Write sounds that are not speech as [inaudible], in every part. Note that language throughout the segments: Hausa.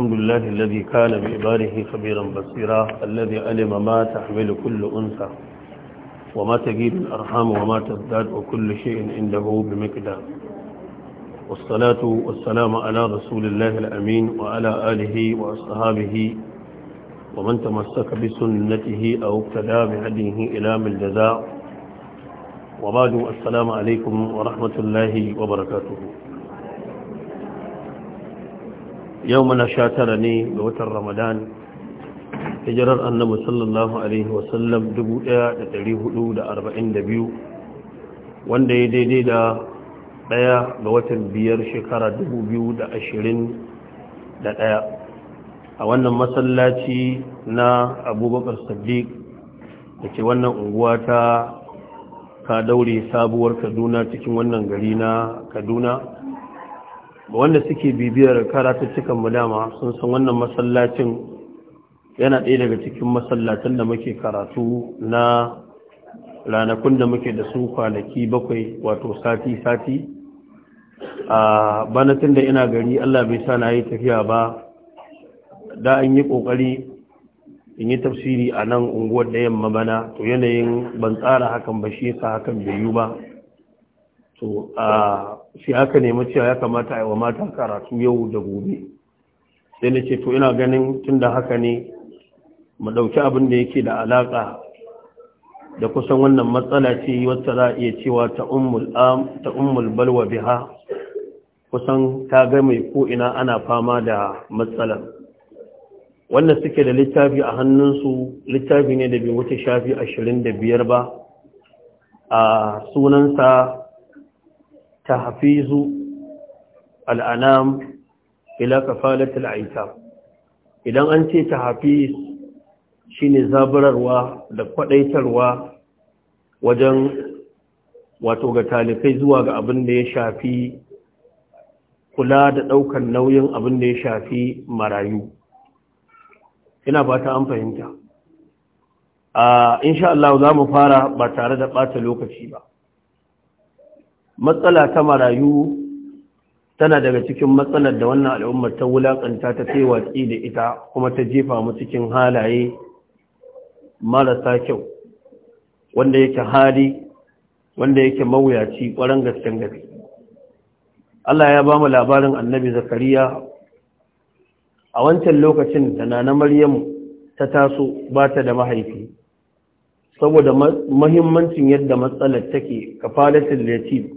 الحمد لله الذي كان بإباره خبيرا بصيرا الذي علم ما تحمل كل أنثى وما تجيب الأرحام وما تزداد وكل شيء عنده بمقدار والصلاة والسلام على رسول الله الأمين وعلى آله وأصحابه ومن تمسك بسنته أو ابتدى بهديه إلى من الجزاء وبعد السلام عليكم ورحمة الله وبركاته yau mana sha tara ne ga watan ramadan hijirar annabi sallallahu alaihi wasallam 1442 wanda ya daidai da daya ga watan biyar shekara 2021 a wannan masallaci na abubakar sadiq da ke wannan unguwa ta ka daure sabuwar kaduna cikin wannan gari na kaduna wanda suke bibiyar karatuttukan mu dama sun san wannan masallacin yana ɗaya daga cikin masallatan da muke karatu na ranakun da muke da su kwanaki bakwai wato sati-sati a tun da ina gari allah bai sa na yi tafiya ba da an yi ƙoƙari in yi tafsiri a nan unguwar da yamma bana to yanayin ban tsara hakan ba shi yasa hakan bai yi ba to a shi aka nemi cewa ya kamata a yi wa mata karatu yau da gobe sai na ce to ina ganin tun da haka ne mu ɗauki abin da yake da alaƙa da kusan wannan matsala ce wacce za a iya cewa ta ummul balwa biha kusan ta ga mai ko'ina ana fama da matsalar wannan suke da littafi a hannunsu littafi ne da bai wuce shafi ashirin da biyar ba a sunansa تحفيز الأنام إلى كفالة العيتام إذا أنت تحفيز شين زابرروا لقديتروا وجن وتوغ تالفي زواغ أبن ya شافي kula da ɗaukar nauyin abin da ya shafi marayu ina ba ta an fahimta a insha Allah za mu fara ba tare da ɓata lokaci ba matsala ta marayu tana daga cikin matsalar da wannan al'ummar ta wulaƙanta ta fi watsi da ita kuma ta jefa mu cikin halaye marasa kyau wanda yake hali wanda yake mawuyaci ƙwaron gasken gari Allah ya ba mu labarin annabi zakariya a wancan lokacin da nana maryam ta taso ba ta da mahaifi saboda mahimmancin yadda matsalar take kafalatin latif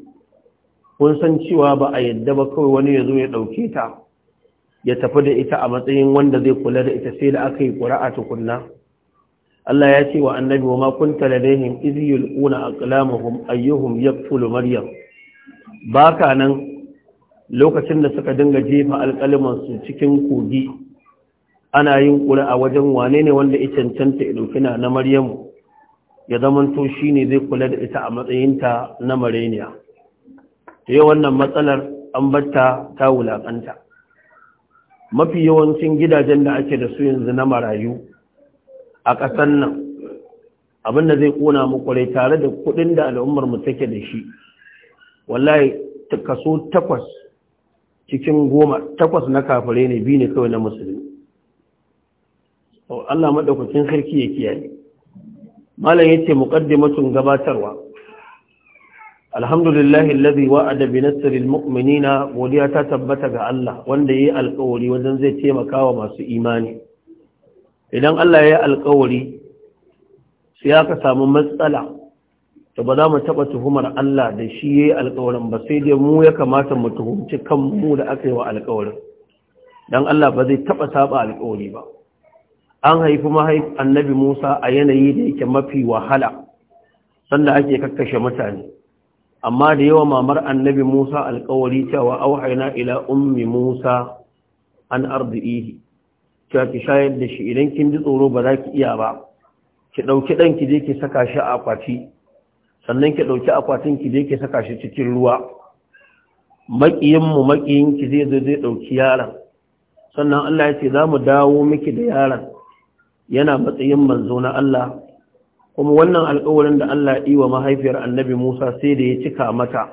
kun san cewa ba a yadda ba kawai wani ya zo ya ɗauke ta ya tafi da ita a matsayin wanda zai kula da ita sai da aka yi ƙura'a tukunna Allah ya ce wa annabi wa ma kunta ladaihim a yulquna ayyuhun ayyuhum yaqtulu maryam Ba ka nan lokacin da suka dinga jefa alƙalimansu cikin kogi ana yin ƙuri'a wajen wane ne wanda ya cancanta ya ɗauki na Maryamu ya zamanto ne zai kula da ita a matsayinta na mareniya yau wannan matsalar an batta ta wulaƙanta mafi yawancin gidajen da ake da su yanzu na marayu a ƙasar nan abin da zai ƙona makwarai tare da kuɗin da al'ummar mu take da shi wallahi kaso takwas cikin goma takwas na kafare ne biyu ne kawai na musulmi Allah maɗaukacin sarki ya kiyaye malam ya ce muƙaddimatun gabatarwa alhamdulillahi alladhi wa'ada bi nasril mu'minina godiya ta tabbata ga Allah wanda yayi alƙawari wajen zai taimaka wa masu imani idan Allah yayi alƙawari sai aka samu matsala to ba za mu taba tuhumar Allah da shi yayi alƙawarin ba sai dai mu ya kamata mu tuhumci mu da aka yi wa alƙawarin dan Allah ba zai taba saba alƙawari ba an haifi mahaif annabi Musa a yanayi da yake mafi wahala sanda ake kakkashe mutane amma da yawa mamar annabi Musa alƙawari cewa auhaina ila ummi Musa an ardihi cewa ki shayar da shi idan kin ji tsoro ba za ki iya ba ki ɗauki ɗan ki je ki saka shi a akwati sannan ki ɗauki akwatin ki je ki saka shi cikin ruwa maƙiyin mu maƙiyin ki zai zo zai ɗauki yaron sannan Allah ya ce za mu dawo miki da yaron yana matsayin manzo na Allah kuma wannan alƙawarin da Allah yi wa mahaifiyar annabi Musa sai da ya cika mata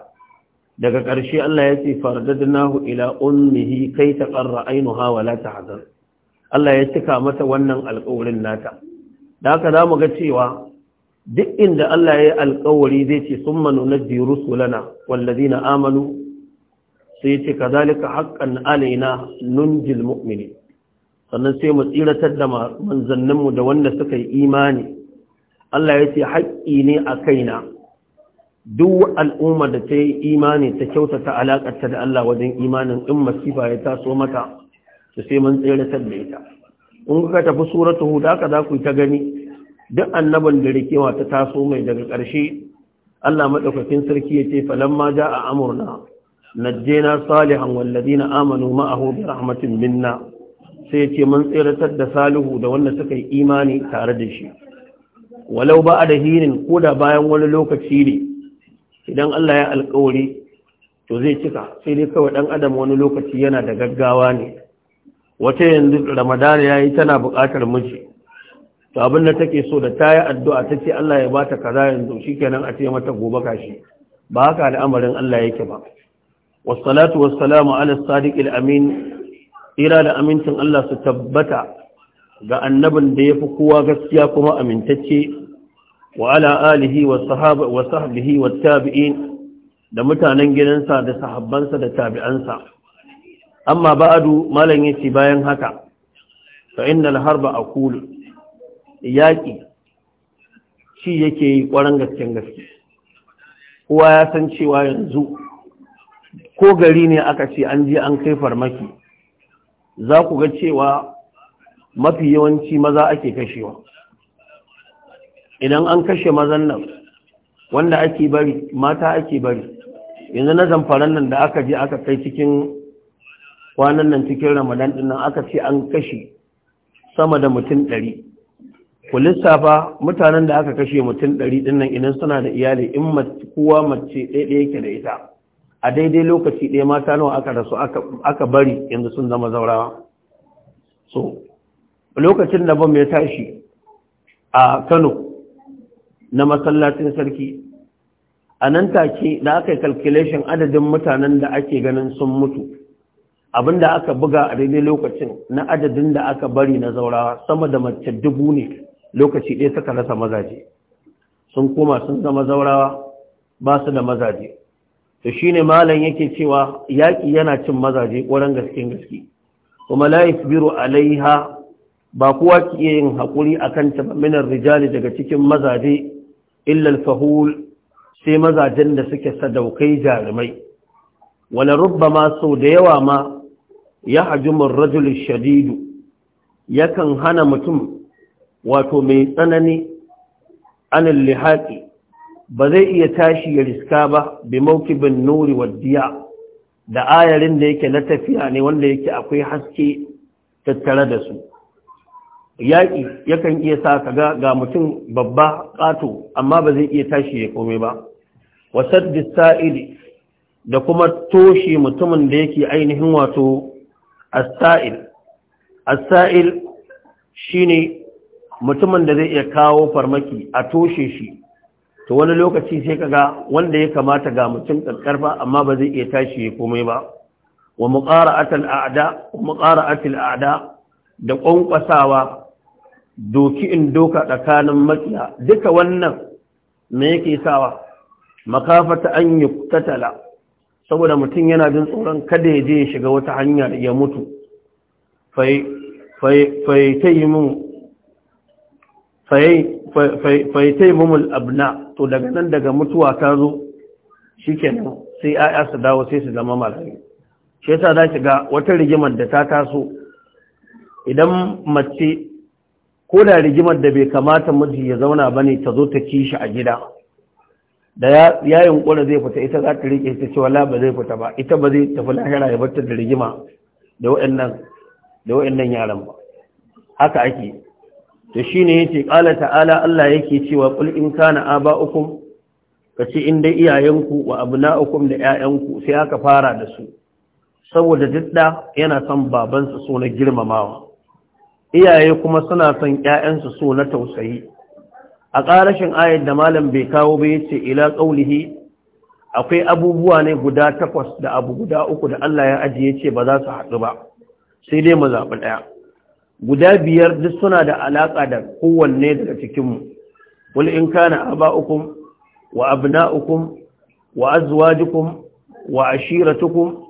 daga ƙarshe Allah ya ce nahu ila ummihi kai ta qarra ainuha hawa la tahzan Allah ya cika mata wannan alƙawarin nata da haka zamu ga cewa duk inda Allah ya yi alƙawari zai ce su lana, rusulana na amanu sai ce kazalika haƙƙan alaina nunjil mumini sannan sai mu tsiratar da manzanninmu da wanda suka yi imani Allah ya ce haƙƙi ne a kaina duk al'umma da ta yi imani ta kyautata alaƙarta da Allah wajen imanin in masifa ya taso mata ta sai mun tseratar da ita in kuka tafi suratu hud haka za ku ta gani duk annaban da rikewa ta taso mai daga ƙarshe Allah madaukakin sarki ya ce falamma ja'a amurna najjayna salihan wal ladina amanu ma'ahu bi rahmatin minna sai ya ce mun tseratar da salihu da wanda suka yi imani tare da shi walau ba da hinin ko da bayan wani lokaci ne idan Allah ya alkawari to zai cika sai dai kawai dan adam wani lokaci yana da gaggawa ne wata yanzu ramadana ya yi tana buƙatar miji to abin da take so da ta yi addu'a ta ce Allah ya ba ta kaza yanzu shi kenan a ce mata gobe kashi ba haka al'amarin Allah yake ba wasu salatu wasu ala sadiq amin ira da amincin Allah su tabbata ga annabin da ya fi kowa gaskiya kuma amintacce wa ala alihi wa sahaba wa tabi'in da mutanen gidansa da sahabbansa da tabi'ansa amma ba'adu malam yace bayan haka fa innal harba Kulu. Yaƙi, shi yake yi kwaran gasken gaske kowa ya san cewa yanzu ko gari ne aka ce an je an kai farmaki za ku ga cewa mafi yawanci maza ake kashewa idan an kashe mazan nan wanda ake bari mata ake bari yanzu na zamfaran nan da aka je aka kai cikin kwanan nan cikin ramadan din aka ce an kashe sama da mutum ɗari ku lissafa mutanen da aka kashe mutum ɗari din idan suna da iyali in kowa mace ɗaya yake da ita a daidai lokaci ɗaya mata nawa aka rasu aka bari yanzu sun zama zaurawa so lokacin da bam ya tashi a Kano na masallacin sarki a nan take da aka yi calculation adadin mutanen da ake ganin sun mutu abinda aka buga a daidai lokacin na adadin da aka bari na zaurawa sama da mace dubu ne lokaci ɗaya suka rasa mazaje sun koma sun zama zaurawa ba su da mazaje to shi ne malam yake cewa yaƙi yana cin mazaje ƙwarar gaske gaske kuma la yasbiru alaiha ba kuwa ki yin haƙuri a kan minar rijali daga cikin mazaje illal fahul sai mazajen da suke sadaukai jarumai wani rubba ma sau da yawa ma ya hajjumin rajulun shadidu yakan hana mutum wato mai tsanani anin lihaƙi ba zai iya tashi ya riska ba bi bin nuri waddiya da ayarin da yake na tafiya ne wanda yake akwai haske tattare da su yaƙi yakan iya sa kaga ga mutum babba ƙato amma ba zai iya tashi ya komai ba wasar sa'id da kuma toshe mutumin da yake ainihin wato as-sa'il as-sa'il shine mutumin da zai iya kawo farmaki a toshe shi to wani lokaci sai kaga wanda ya kamata ga mutum karkarfa amma ba zai iya tashi ya komai ba wa muqara'atul a'da muqara'atul a'da da ƙwanƙwasawa. doki in doka tsakanin makiya duka wannan me yake sawa makafata an yi tattala saboda mutum yana jin tsoron kada ya je ya shiga wata hanya ya mutu ta yi mun abna to daga nan daga mutuwa ta zo shi kenan sai ya'ya su dawo sai su zama malari shi yasa za ki ga wata rigimar da ta taso idan mace ko da rigimar da bai kamata miji ya zauna ba ne ta zo ta ci shi a gida da ya yunkura zai fita ita za ta riƙe ta ce wala ba zai fita ba ita ba zai tafi lahira ya bar da rigima da waɗannan yaran ba haka ake to ne yace ƙala ta'ala Allah yake cewa qul in kana aba'ukum kace in dai iyayenku wa ukun da 'ya'yanku sai aka fara da su saboda didda yana son babansa so girmamawa iyaye kuma suna son ‘ya'yansu so na tausayi a ƙarashin ayar da malam bai kawo bai yace ila ƙaulihi akwai abubuwa ne guda takwas da abu guda uku da Allah ya ajiye ce ba za su haɗu ba sai dai mu zaɓi ɗaya guda biyar duk suna da alaƙa da kowanne daga cikinmu wal in kana aba'ukum wa abna'ukum wa azwajukum wa ashiratukum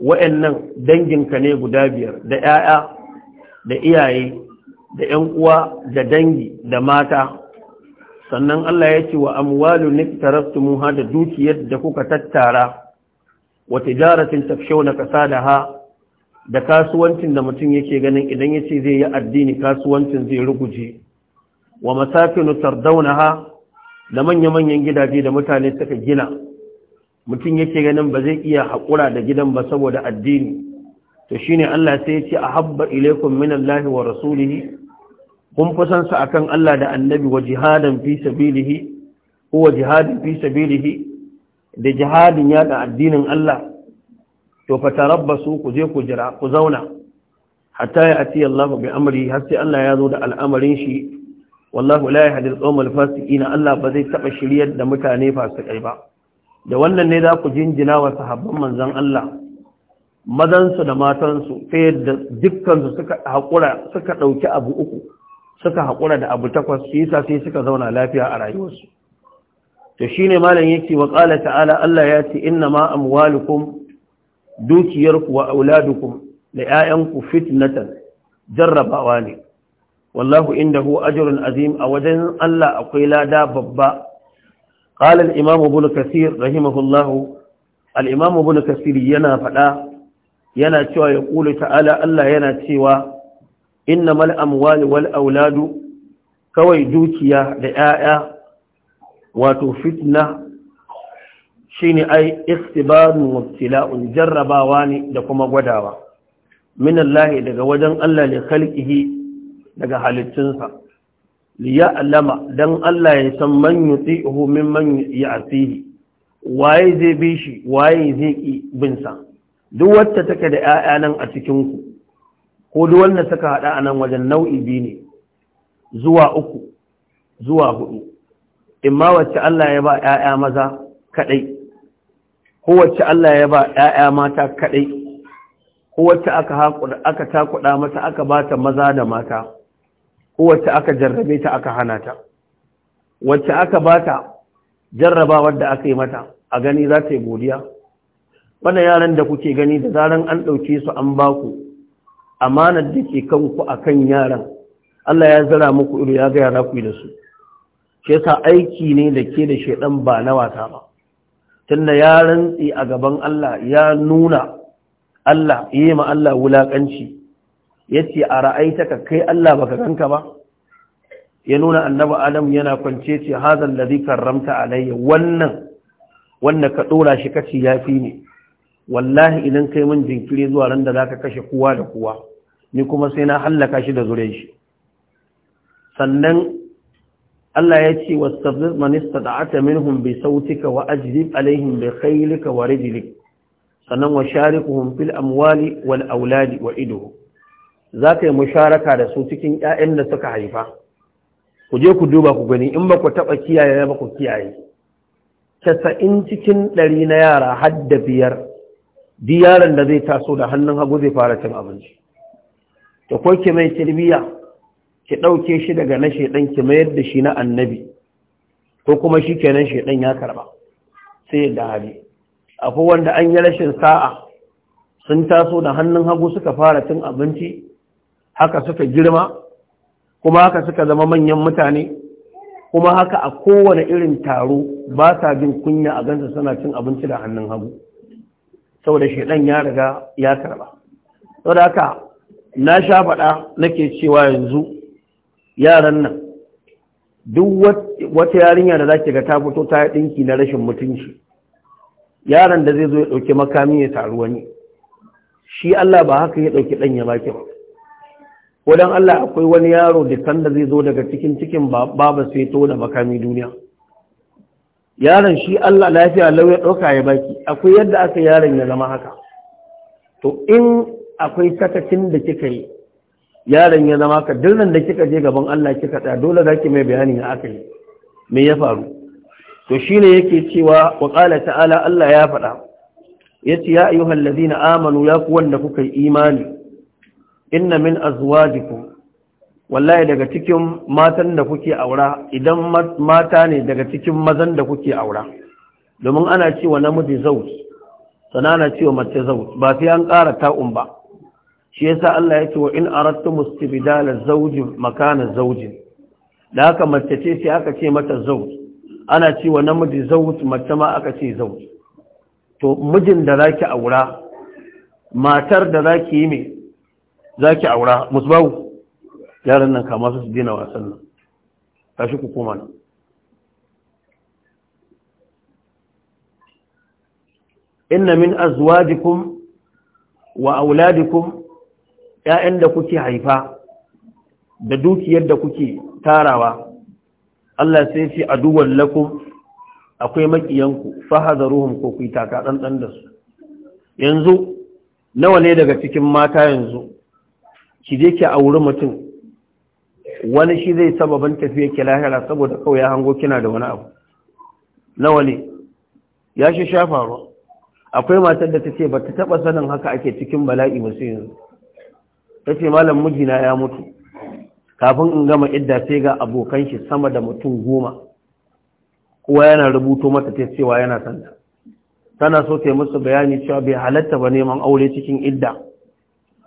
wa'annan danginka ne guda biyar da ‘ya'ya da iyaye da 'yan uwa da dangi da mata sannan Allah ya ce wa amwalu ha da dukiyar da kuka tattara wa tijaratin tafshawna kasa da ha, da kasuwancin da mutum yake ganin idan yace zai yi addini kasuwancin zai ruguje wa masakinu ha, da manya-manyan gidaje da mutane suka gina mutum yake ganin ba zai iya haƙura da gidan ba saboda addini to shine Allah sai ya ce ahabba ilaykum minallahi wa rasulihi kun fasan sa akan Allah da annabi wa jihadan fi sabilihi huwa jihadin fi sabilihi da jihadin yada addinin Allah to fatarabbasu ku je ku jira ku zauna hatta ya ati Allah bi amri har sai Allah ya zo da al'amarin shi wallahu la yahdi al-qawm fasiqin Allah ba zai taba shiryar da mutane fasikai ba da wannan ne za ku jinjina wa sahabban manzon Allah Madansu da matansu ta yadda dukkansu suka haƙura suka ɗauki abu uku suka haƙura da abu takwas su yasa sai suka zauna lafiya a rayuwarsu to ne malam yake wa ƙala ta'ala Allah ya ce inna ma amwalukum dukiyarku wa auladukum da 'ya'yanku fitnatan jarrabawa ne wallahu indahu ajrun azim a wajen Allah akwai lada babba qala al-imam ibn kathir rahimahullahu al-imam ibn kathir yana faɗa yana cewa ya ƙule ta'ala Allah yana cewa inna mal amwali wal auladu kawai dukiya da 'ya'ya wato fitna shine ai ikhtibarun wabtila'un jarrabawa ne da kuma gwadawa min Allah daga wajen Allah ya khalqihi daga halittunsa li ya'lama dan Allah ya san man yuti'uhu mimman ya'tihi waye zai bi shi waye zai ki bin sa duk wacce take da 'ya'ya nan a cikin ku ko duk wanda suka haɗa a nan wajen nau'i biyu ne zuwa uku zuwa hudu imma wacce Allah ya ba 'ya'ya maza kaɗai? ko wacce Allah ya ba 'ya'ya mata kaɗai? ko wacce aka takuɗa aka mata aka ba ta maza da mata ko wacce aka jarrabe ta aka hana ta wacce aka ba ta jarraba wadda aka yi mata a gani za ta yi godiya wannan yaran da kuke gani da zaran an ɗauke su an ba ku amanar da ke kanku akan yaran Allah ya zara muku ido ya ga yara ku da su shi yasa aiki ne da ke da shedan ba na wata ba tunda ya tsi a gaban Allah ya nuna Allah yi ma Allah wulakanci yace a ra'aitaka kai Allah baka ganka ba ya nuna annabi Adam yana kwance ce hazal ladhi karramta alayya wannan wanda ka dora shi kace yafi ne wallahi idan kai min jinkiri zuwa ran da zaka kashe kowa da kowa ni kuma sai na hallaka shi da zure shi sannan Allah ya ce wastabzir man istata'ata minhum bi sautika wa ajlib alaihim bi khaylika wa rijlik sannan wa sharikuhum fil amwali wal auladi wa iduhu zaka yi musharaka da su cikin ƴaƴan da suka haifa ku je ku duba ku gani in ba ku taba kiyaye ba ku kiyaye casa'in cikin ɗari na yara har da biyar duk yaron da zai taso da hannun hagu zai fara cin abinci ta kwanke mai kirbiya ki ɗauke shi daga na shaidan ki mayar da shi na annabi ko kuma shi kenan shaidan ya karɓa sai yadda hali akwai wanda an yi rashin sa'a sun taso da hannun hagu suka fara cin abinci haka suka girma kuma haka suka zama manyan mutane kuma haka a kowane irin taro ba sa jin kunya a gansa suna cin abinci da hannun hagu saboda shaidan ya riga ya karba saboda haka na sha faɗa nake cewa yanzu yaran nan duk wata yarinya da zaki ga ta fito ta yi ɗinki na rashin mutunci yaron da zai zo ya ɗauki makami ya taru wani shi Allah ba haka ya ɗauki ɗan ya baki ba ko Allah akwai wani yaro da kan da zai zo daga cikin cikin babu sai to da makami duniya yaron shi Allah lafiya lau ya ɗauka ya baki akwai yadda aka yaron ya zama haka to in akwai sakacin da kika yi yaron ya zama ka dirnan da kika je gaban Allah kika tsaya dole za ki mai bayani ya aka yi me ya faru to shi ne yake cewa wa ta'ala Allah ya faɗa Ya ce ya ayyuhan ladina amanu ya ku wanda kuka yi imani inna min azwajikum wallahi daga cikin matan da kuke aura idan mata ne daga cikin mazan da kuke aura domin ana cewa namiji zaus sana ana cewa mace zaus ba sai an ƙara ta'un ba shi yasa Allah ya ce wa in aratu mustibdala zawjin makana zawjin da haka mace ce sai aka ce mata zaus ana cewa namiji zaus mace ma aka ce zaus to mijin da zaki aura matar da zaki yi me zaki aura musbahu yaran nan kama su su dina wasan nan tashi ku koma nan inna min azwajikum wa auladikum yayan da kuke haifa da dukiyar da kuke tarawa Allah sai ce aduwan lakum akwai makiyanku fahadaruhum ko ku taka dan da su yanzu nawa ne daga cikin mata yanzu ki je ki auri mutum wani shi zai ban tafiya ke lahira saboda kawai ya hango kina da wani abu nawa ne ya shi shafa ruwa akwai matar da ta ce ba ta taba sanin haka ake cikin bala'i ba sai yanzu ta ce malam mijina ya mutu kafin in gama idda sai ga abokan shi sama da mutum goma kowa yana rubuto mata ta cewa yana santa tana so ta yi musu bayani cewa bai halatta ba neman aure cikin idda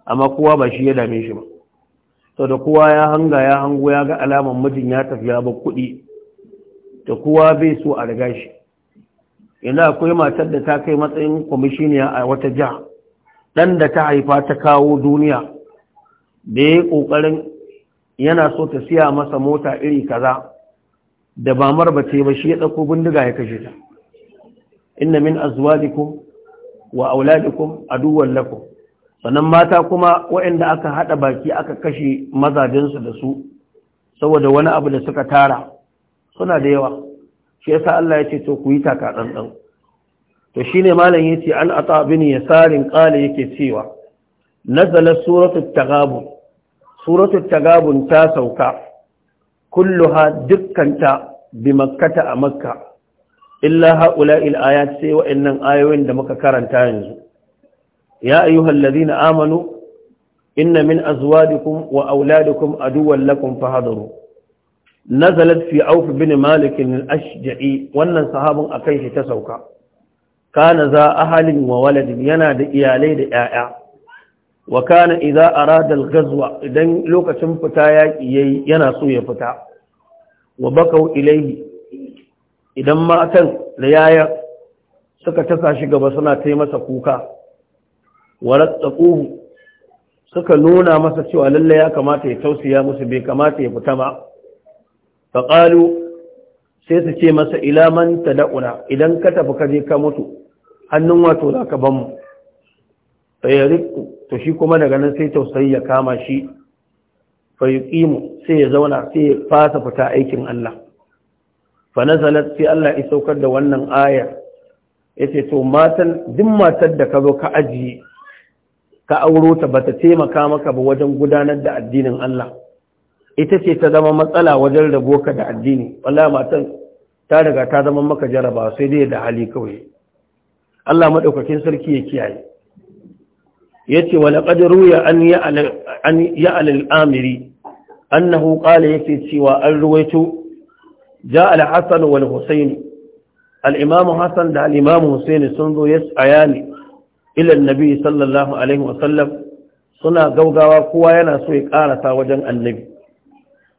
amma kowa ba shi ya dame shi ba sau da kowa ya hanga ya hango ya ga alamar mijin ya tafi ya ba kuɗi da kowa bai so a riga shi Ina akwai matar da ta kai matsayin kwamishiniya a wata jiha ɗan da ta haifa ta kawo duniya da ya yi ƙoƙarin yana so ta siya masa mota iri kaza da ba marbace ba shi ya ɗauko bindiga ya kashe ta inna min azwajikum wa auladikum aduwwan lakum sannan mata kuma waɗanda aka haɗa baki aka kashe mazajensu da su saboda wani abu da suka tara suna da yawa shi yasa Allah ya ce to ku yi taka ɗanɗan to shi ne malam ya ce an ata bin sarin ƙale yake cewa nazala suratul tagabun suratul tagabun ta sauka kulluha dukkanta bi makkata a makka illa ha'ula'il ayat sai wa'annan ayoyin da muka karanta yanzu ya ayyuhal ladina amanu inna min azwajikum wa auladikum aduwwan lakum fahdharu nazalat fi auf bin malik al-ashja'i wannan sahabin akan shi ta sauka kana za ahalin wa waladin yana da iyalai da 'ya'ya. Wakana kana idza arada al-ghazwa idan lokacin fita yaƙi yayi yana so ya fita wa bakau ilaihi idan matan da yaya suka tasa shi gaba suna tai masa kuka warattaquhu suka nuna masa cewa lalle ya kamata ya tausaya musu bai kamata ya fita ba faqalu sai su ce masa ila man tad'una idan ka tafi ka je ka mutu hannun wato zaka ban mu fayariku to shi kuma daga nan sai tausayi ya kama shi mu sai ya zauna sai ya fasa fita aikin Allah fa nazalat sai Allah isaukar da wannan aya yace to matan matar da ka zo ka ajiye ka auro ta bata taimaka maka ba wajen gudanar da addinin Allah ita ce ta zama matsala wajen rabo ka da addini wallahi matan ta riga ta zama maka jaraba sai dai da hali kawai Allah madaukakin sarki ya kiyaye yace wa laqad ruya an ya an amiri annahu qala yake cewa an ruwaito ja al-hasan wal husaini al-imam hasan da al-imam husaini sun zo yasayani ilan nabi sallallahu alaihi wasallam suna gaugawa kowa yana so ya karasa wajen annabi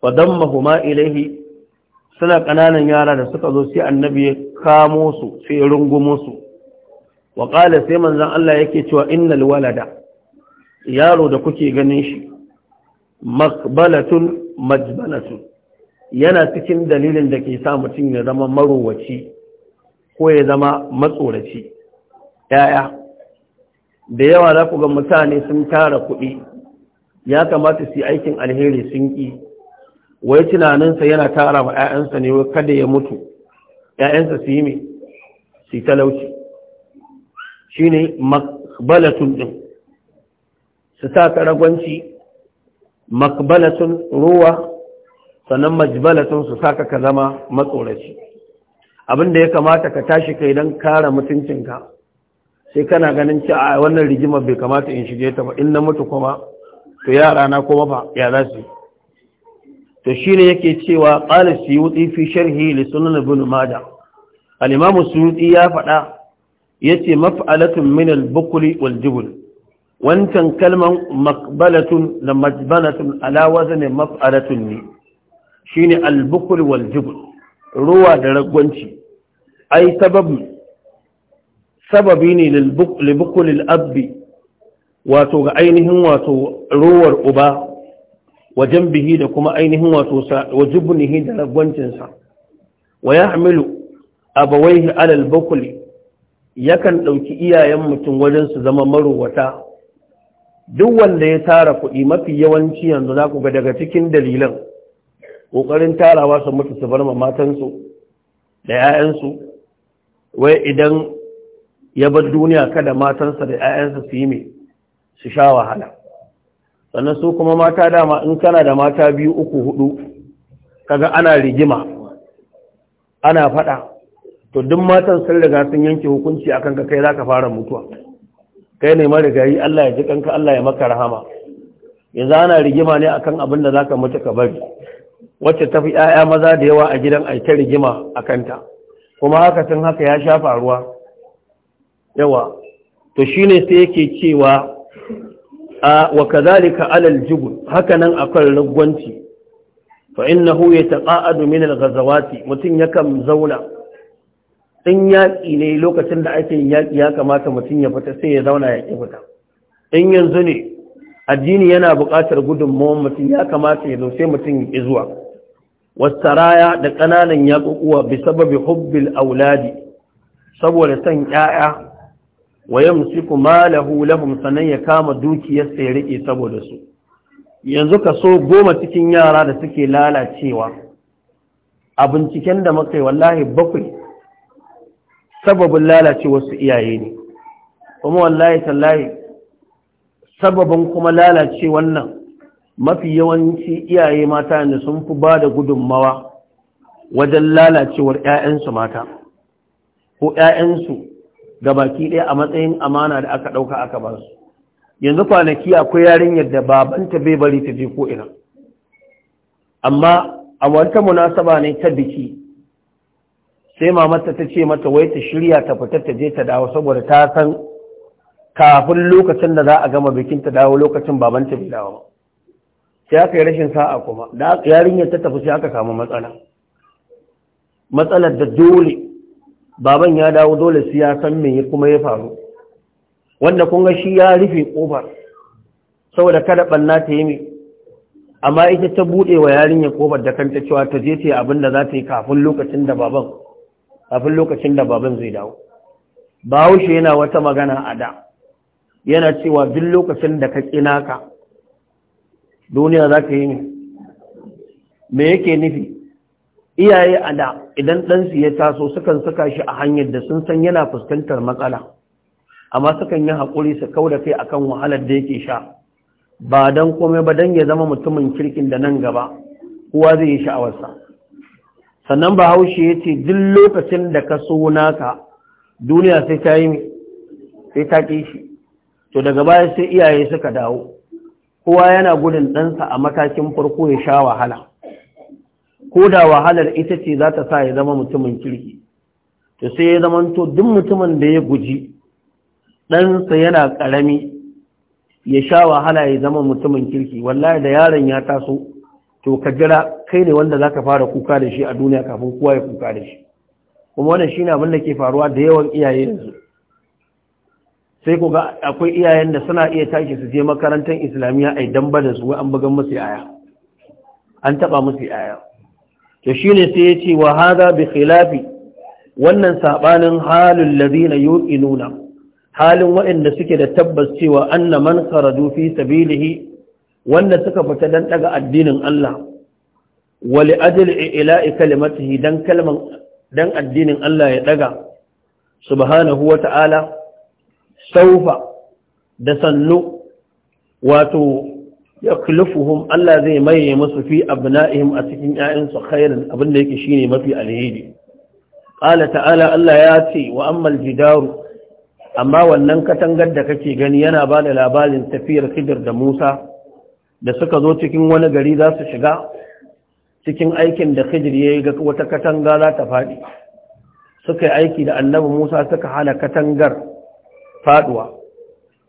wa ma ilaihi suna kananan yara da suka zo sai annabi ya kamo su sai ya rungumo su wa qala sai manzon Allah yake cewa innal walada yaro da kuke ganin shi makbalatun majbalatu yana cikin dalilin da ke sa mutum ya zama marowaci ko ya zama matsoraci yaya da yawa za ku ga mutane sun tara kuɗi ya kamata su yi aikin alheri sun ƙi wai tunaninsa yana tara wa 'ya'yansa ne wai kada ya mutu 'ya'yansa su yi mai su yi talauci shi ne makbalatun ɗin su sa ragwanci makbalatun ruwa sannan majbalatun su saka ka zama matsoraci abinda ya kamata ka tashi kai don kare mutuncinka sai kana ganin ci a wannan rigimar bai kamata in shige ta ba in na mutu kuma to yara na kuma ba ya za su to shine yake cewa yi suyuti fi sharhi li sunan ibn Mada? al-imam suyuti ya faɗa yace maf'alatun min al-bukli wal jubl wancan kalman makbalatun da majbanatun ala wazani maf'alatun ne shine al-bukl wal jubl ruwa da ragwanci ai sababu sababi ne libukulil abbi wato ga ainihin wato ruwar uba wajen bihi da kuma ainihin wato jubnihi da ragwancinsa wa ya hamilu abawaihi alal bukuli yakan ɗauki iyayen mutum wajen su zama maruwata duk wanda ya tara kuɗi mafi yawanci yanzu za ku ga daga cikin dalilan ƙoƙarin tarawa su mutu su bar ma matansu da 'ya'yansu wai idan ya bar duniya kada matansa da 'ya'yansa su yi mai su sha wahala sannan su kuma mata dama in kana da mata biyu uku hudu kaga ana rigima ana fada to duk matan sun riga sun yanke hukunci akan ka kai za ka fara mutuwa kai ne marigayi Allah ya ji kanka Allah ya maka rahama yanzu ana rigima ne akan abin da za ka mutu ka bari wacce tafi 'ya'ya maza da yawa a gidan aita rigima akanta kuma haka tun haka ya sha faruwa yawa to shi ne sai yake cewa a wa kadhalika alal Haka hakanan akan ragwanci fa innahu yataqa'adu min al-ghazawati mutun yakan zauna in yaƙi ne lokacin da ake yaƙi ya kamata mutum ya fita sai ya zauna ya ƙi fita in yanzu ne addini yana buƙatar gudunmawar mutum ya kamata ya zo sai mutum ya zuwa wasaraya da ƙananan yaƙuƙuwa bi sababi hubbil auladi saboda son 'ya'ya. wa yamsiku malahu lahum sanan ya kama dukiyar ya rike saboda su yanzu kaso goma cikin yara da suke lalacewa a binciken da muka yi wallahi bakwai sababin lalacewar su iyaye ne kuma wallahi tallahi sababin kuma lalace wannan, mafi yawanci iyaye mata yanzu sun fi ba da gudunmawa wajen lalacewar 'ya'yansu mata ko 'ya'yansu gabaki ɗaya a matsayin amana da aka ɗauka aka ba su yanzu kwanaki akwai yarinyar da babanta bai bari ta je ko ina amma a wata munasaba ne ta biki sai mamata ta ce mata wai ta shirya ta fita ta je ta dawo saboda ta san kafin lokacin da za a gama bikin ta dawo lokacin babanta bai dawo sai aka yi rashin sa'a kuma da yarinyar ta tafi sai aka samu matsala matsalar da dole baban ya dawo dole su ya san me kuma ya faru wanda kun ga shi ya rufe kofar saboda kada banna ta yi mai amma ita ta buɗe wa yarinya kofar da kanta cewa ta je ta yi abin da za ta yi kafin lokacin da baban zai dawo bahaushe yana wata magana a da yana cewa duk lokacin da ka ƙina ka duniya za ta yi mai me yake nufi iyaye a da idan ɗansu ya taso sukan saka shi a hanyar da sun san yana fuskantar matsala amma sukan yi haƙuri su kau da kai akan wahalar da yake sha ba don komai ba don ya zama mutumin kirkin da nan gaba kowa zai yi sha'awarsa sannan ba haushe ya ce duk lokacin da ka so naka duniya sai ta yi sai ta ƙi shi to daga baya sai iyaye suka dawo kowa yana gudun ɗansa a matakin farko ya sha wahala ko da wahalar ita ce za ta sa ya zama mutumin kirki to sai ya zama to duk mutumin da ya guji ɗansa yana ƙarami ya sha wahala ya zama mutumin kirki wallahi da yaron ya taso to ka jira kai ne wanda za ka fara kuka da shi a duniya kafin kowa ya kuka da shi kuma wannan shi ne abin da ke faruwa da yawan iyaye yanzu sai ku ga akwai iyayen da suna iya tashi su je makarantar islamiyya a idan ba da su an bugan musu yaya an taɓa musu yaya to ne sai ya ce wa hada bi khilafi wannan saɓanin halin ladina yuqinuna halin waɗanda suke da tabbas cewa anna man kharaju fi sabilihi wanda suka fita dan daga addinin Allah wa li ajli ila'i kalimatihi dan kalman dan addinin Allah ya daga subhanahu wata'ala saufa da sannu wato Ya kulufuhum Allah zai maye musu fi abna'ihim a cikin ƴaƴansu khairan abinda yake shine mafi alheri qala ta'ala Allah ya ce wa ammal jidaru amma wannan katangar da kake gani yana ba da labarin tafiyar Khidir da Musa da suka zo cikin wani gari za su shiga cikin aikin da Khidir yayi yi ga wata katanga za ta faɗi suka yi aiki da annabi Musa suka hana katangar faduwa.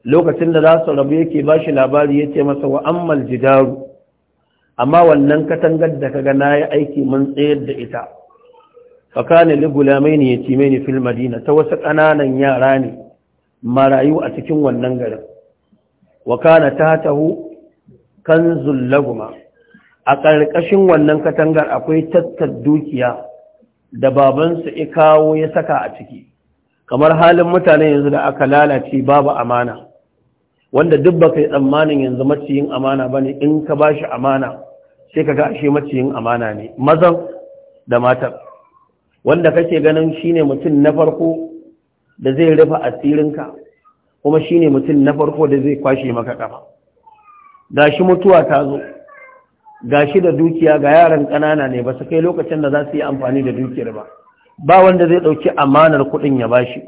lokacin da za su rabu yake ba shi labari ya ce masa wa'ammal jidaru amma wannan katangar da kaga na ya aiki mun tsayar da ita Ligula mai ne ya cime ni fil madina ta wasu ƙananan yara ne marayu a cikin wannan garin Wakana ta tahu kan zullaguma a ƙarƙashin wannan katangar akwai tattar dukiya da babansu ya kawo ya saka a ciki kamar halin mutane yanzu da aka lalace babu amana wanda duk ba yi tsammanin yanzu maciyin amana ba ne in ka ba shi amana sai ka ga ashe maciyin amana ne mazan da matan wanda kake ganin shine mutum na farko da zai rufe asirinka kuma shine mutum na farko da zai kwashe maka kafa shi mutuwa ta zo Ga shi da dukiya ga yaran ƙanana ne ba su kai lokacin da za su yi amfani da dukiyar ba ba wanda zai ɗauki amanar kuɗin ya ba shi.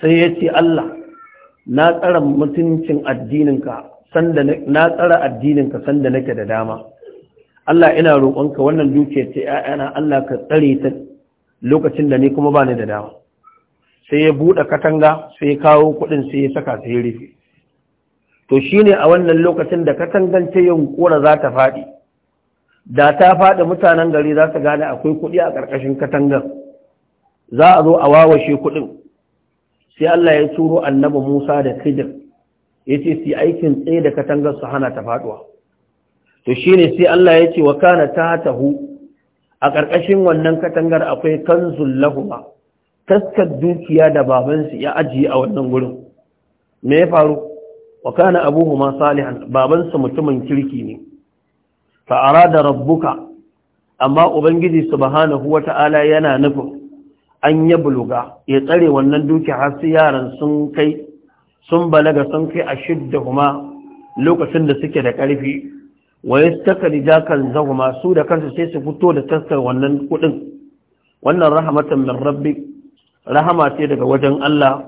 sai ya ce Allah na tsara mutuncin addininka sanda na tsara addininka sanda nake da dama Allah ina roƙonka wannan dukiyar ce ƴaƴana Allah ka tsare ta lokacin da ni kuma ba ni da dama sai ya buɗe katanga sai ya kawo kuɗin sai ya saka sai ya rufe to shine a wannan lokacin da katangan ce kora za ta faɗi da ta faɗi mutanen gari za su gane akwai kuɗi a ƙarƙashin katangar za a zo a wawashe kuɗin sai Allah ya turo annabi Musa da Khidir ce su aikin tsaye da katangar su hana ta faduwa to shine sai Allah ya ce wa kana tahu a ƙarƙashin wannan katangar akwai kanzul lahuma taskar dukiya da babansu ya ajiye a wannan gurin me ya faru wa kana abuhuma salihan babansa mutumin kirki ne fa arada rabbuka amma ubangiji subhanahu wata'ala yana nufin an ya buluga ya tsare wannan duki har su yaran sun kai sun balaga sun kai a shidda kuma lokacin da suke da ƙarfi wa ya taka rijakan zahuma su da kansu sai su fito da taskar wannan kuɗin wannan rahamatan min rabbi rahama ce daga wajen Allah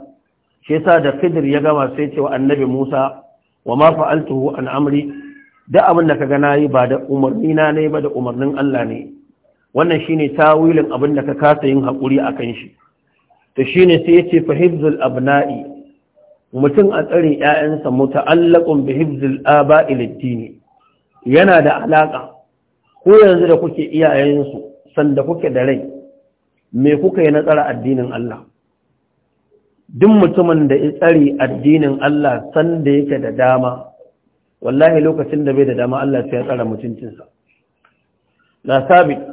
shi yasa da Khidir ya gama sai ce wa Annabi Musa wa ma fa'altuhu an amri da abin da kaga nayi ba da umarni na ne ba da umarnin Allah ne wannan shi ne tawilin abin da ka kasa yin hakuri kan shi Ta shi ne sai yace fa hibzul abna'i mutum a tsarin ya'yansa muta'allaqun bi hibzil aba'i yana da alaƙa ko yanzu da kuke iyayensu sanda kuke da rai me kuka yi na tsara addinin Allah duk mutumin da ya tsari addinin Allah sanda yake da dama wallahi lokacin da bai da dama Allah sai ya tsara mutuncinsa na sabit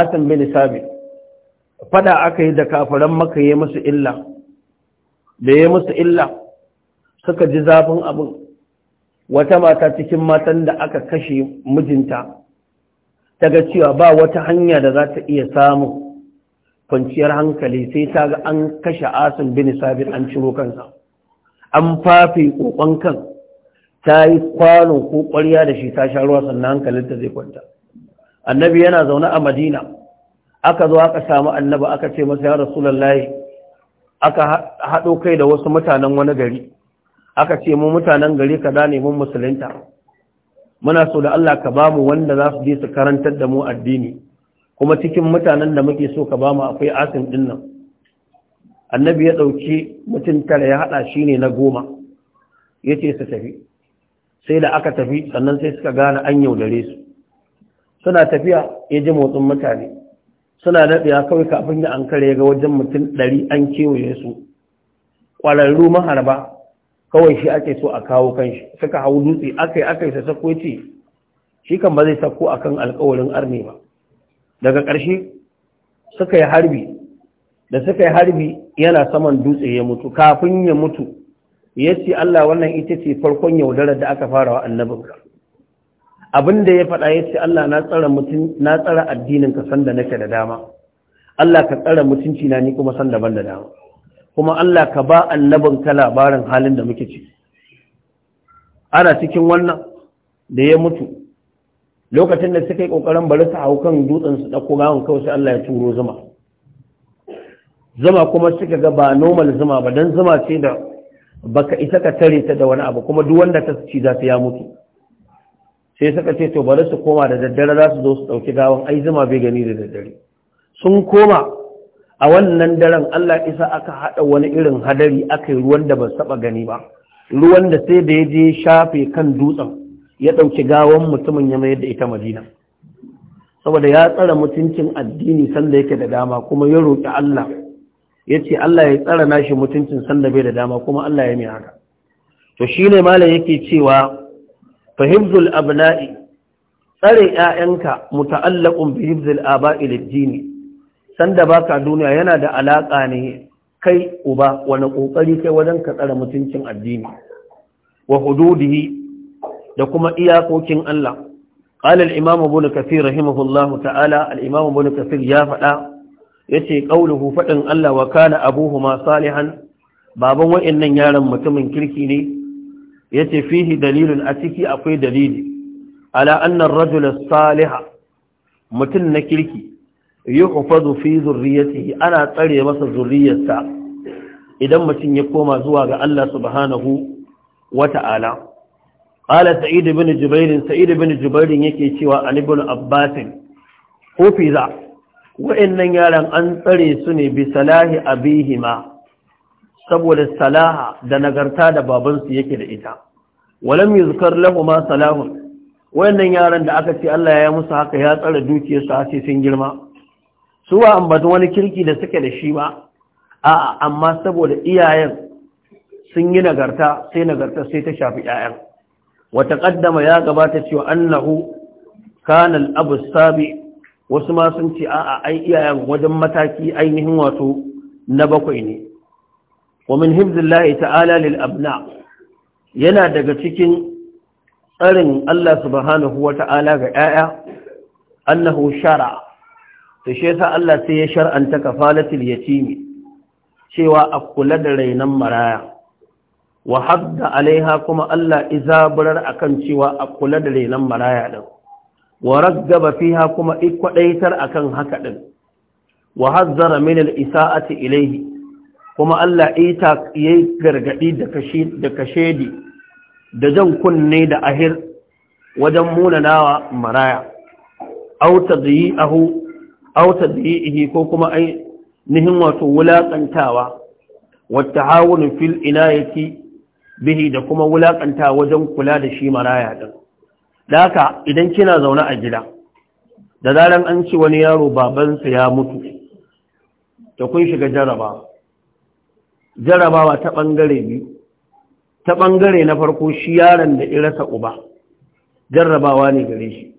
asim bin sabi fada aka yi da kafiran maka yi musu illa da yi musu illa suka ji zafin abin wata mata cikin matan da aka kashe mijinta ta cewa ba wata hanya da za ta iya samun kwanciyar hankali sai ta ga an kashe Asin bin sabi an ciro kansa an fafe kokon kan ta yi kwanon ko ƙwarya da shi ta sha ruwa sannan hankalinta zai kwanta annabi yana zaune a madina aka zo aka samu annabi aka ce masa ya rasulullahi aka haɗo kai da wasu mutanen wani gari aka ce mu mutanen gari kaza ne mun musulunta muna so da Allah ka bamu wanda za su je su karantar da mu addini kuma cikin mutanen da muke so ka bamu akwai asin din annabi ya ɗauki mutum tara ya haɗa shi ne na goma ya ce su tafi sai da aka tafi sannan sai suka gane an yaudare su suna tafiya ya ji motsin mutane suna daɗewa kawai kafin ya an kare ga wajen mutum ɗari an kewaye su ƙwararru maharba kawai shi ake so a kawo kanshi suka hau dutse aka yi aka yi sako ce shi kan ba zai sako a kan alkawarin arne ba daga ƙarshe suka yi harbi da suka yi harbi yana saman dutse ya mutu kafin ya mutu ya ce Allah wannan ita ce farkon yaudarar da aka fara wa annabin abin da ya faɗa ya ce Allah na tsara mutum na tsara addinin ka sanda nake da dama Allah ka tsara mutunci na ni kuma sanda ban da dama kuma Allah ka ba annabin ka labarin halin da muke ciki ana cikin wannan da ya mutu lokacin da suka yi kokarin bari su hau kan dutsen su dauko gawan kawai sai Allah ya turo zuma zuma kuma suka ga ba normal zuma ba dan zuma ce da baka isa ka tare ta da wani abu kuma duk wanda ta ci za ta ya mutu sai suka ce to bari su koma da daddare za su zo su ɗauki gawan ai zuma bai gani da daddare sun koma a wannan daren Allah isa aka haɗa wani irin hadari aka yi ruwan da ba saba gani ba ruwan da sai da ya je shafe kan dutsen ya ɗauki gawan mutumin ya mayar da ita madina saboda ya tsara mutuncin addini sanda yake da dama kuma ya roƙi Allah ya ce Allah ya tsara nashi mutuncin sanda bai da dama kuma Allah ya mai haka to shine malam yake cewa fahimzul abna'i tsare ‘ya'yanka muta'allakun bi hibzil aba'i lijjini sanda baka duniya yana da alaƙa ne kai uba wani ƙoƙari kai wajen ka tsare mutuncin addini wa hududihi da kuma iyakokin Allah قال الإمام ابن كثير رحمه الله تعالى الإمام ابن كثير يافعل yace qauluhu fadin Allah wa kana abuhuma salihan baban wayennan yaran mutumin kirki ne Ya ce, fihi dalilin a ciki akwai dalili ala annar rajul Saliha, mutum na kirki yuhfazu fi zurriyatihi ana tsare masa zurriyarsa idan mutum ya koma zuwa ga Allah subhanahu wata'ala qala sa'id ibn jubair sa'id ibn jubair yake cewa ali ibn abbas hufiza wa'annan yaran an tsare su ne bi salahi abihima saboda salaha da nagarta da babansu yake da ita walam yuzkar lahu ma salahun wayannan yaran da aka ce Allah ya musu haka ya tsara dukiyarsa a sun girma su ba ambata wani kirki da suke da shi ba a'a amma saboda iyayen sun yi nagarta sai nagarta sai ta shafi 'ya'yan. wa taqaddama ya gabata cewa annahu kana al-abu sabi wasu ma sun ce a'a ai iyayen wajen mataki ainihin wato na bakwai ne wa min hibzillahi ta'ala lil abna yana daga cikin tsarin Allah subhanahu wa ta'ala ga ‘ya'ya, annahu shara, ta shi Allah sai ya shar'anta kafalatul yatimi cewa a kula da rainon maraya, wa haɗa alaiha kuma Allah izaburar akan cewa a kula da rainon maraya ɗin, wa raggaba fiha kuma ikwaɗaitar akan haka ɗin, wa hazzara min isa'ati ilaihi, kuma Allah ya yi gargadi da kashedi da jan kunne da ahir wajen munanawa maraya auta ziyi ahu auta ko kuma ainihin wato wulaƙantawa wata hawunin fil inayati bihi da kuma wulakantawa wajen kula da shi maraya ɗin Daka idan kina zaune a gida da zaran an ci wani yaro babansa ya mutu da kun shiga jaraba jarabawa ta ɓangare biyu ta ɓangare na farko shi yaron da irasa uba jarrabawa ne gare shi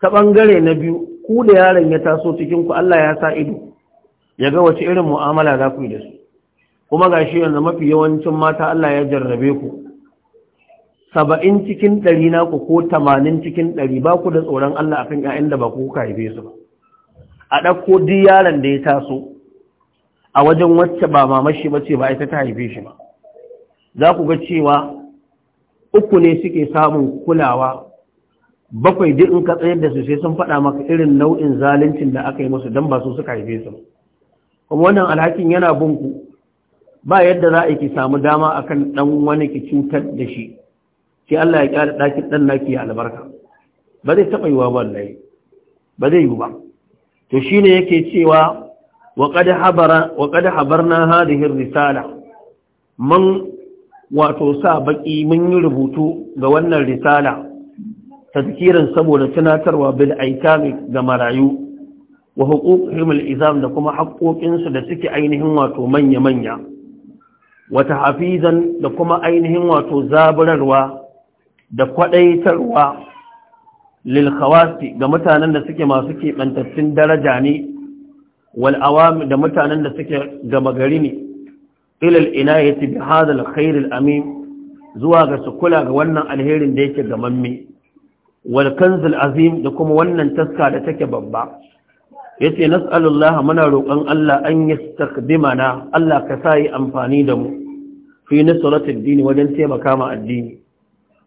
ta ɓangare na biyu ku da yaron ya taso cikinku Allah ya sa ido ya ga wace irin mu'amala za ku yi da su kuma ga shi yanzu mafi yawancin mata Allah ya jarrabe ku saba'in cikin ɗari naku ko tamanin cikin ɗari ba ku da tsoron Allah a kan ‘ya'yan da ba ku haife su ba a ɗauko duk yaron da ya taso a wajen wacce ba mamashi ba ce ba ita ta haife shi ba za ku ga cewa uku ne suke samun kulawa bakwai duk in ka tsayar da su sai sun faɗa maka irin nau'in zaluncin da aka yi musu don ba su suka haife su kuma wannan alhakin yana bunku ba yadda za a ki samu dama akan ɗan wani ki cutar da shi ki Allah ya kyara ɗakin ɗan naki ya albarka ba zai taɓa yiwa ba wallahi ba zai yiwu ba to shine yake cewa وقد حبر وقد حبرنا هذه الرسالة من wato sa baki mun yi rubutu ga wannan risala tazkirin saboda tunatarwa bil aitami ga marayu wa huquqihim al izam da kuma haƙoƙinsu da suke ainihin wato manya manya wa tahfizan da kuma ainihin wato zaburarwa da kwadaitarwa lil khawasi ga mutanen da suke masu kebantattun daraja ne wal awam da mutanen da suke gama gari ne ilal inayati bi hadal khairil amin zuwa ga su kula ga wannan alherin da yake gamamme wal kanzul azim da kuma wannan taska da take babba yace nas'alullah muna roƙon Allah an yastakdimana Allah ka sai amfani da mu fi nusratil dini wajen taimaka ma addini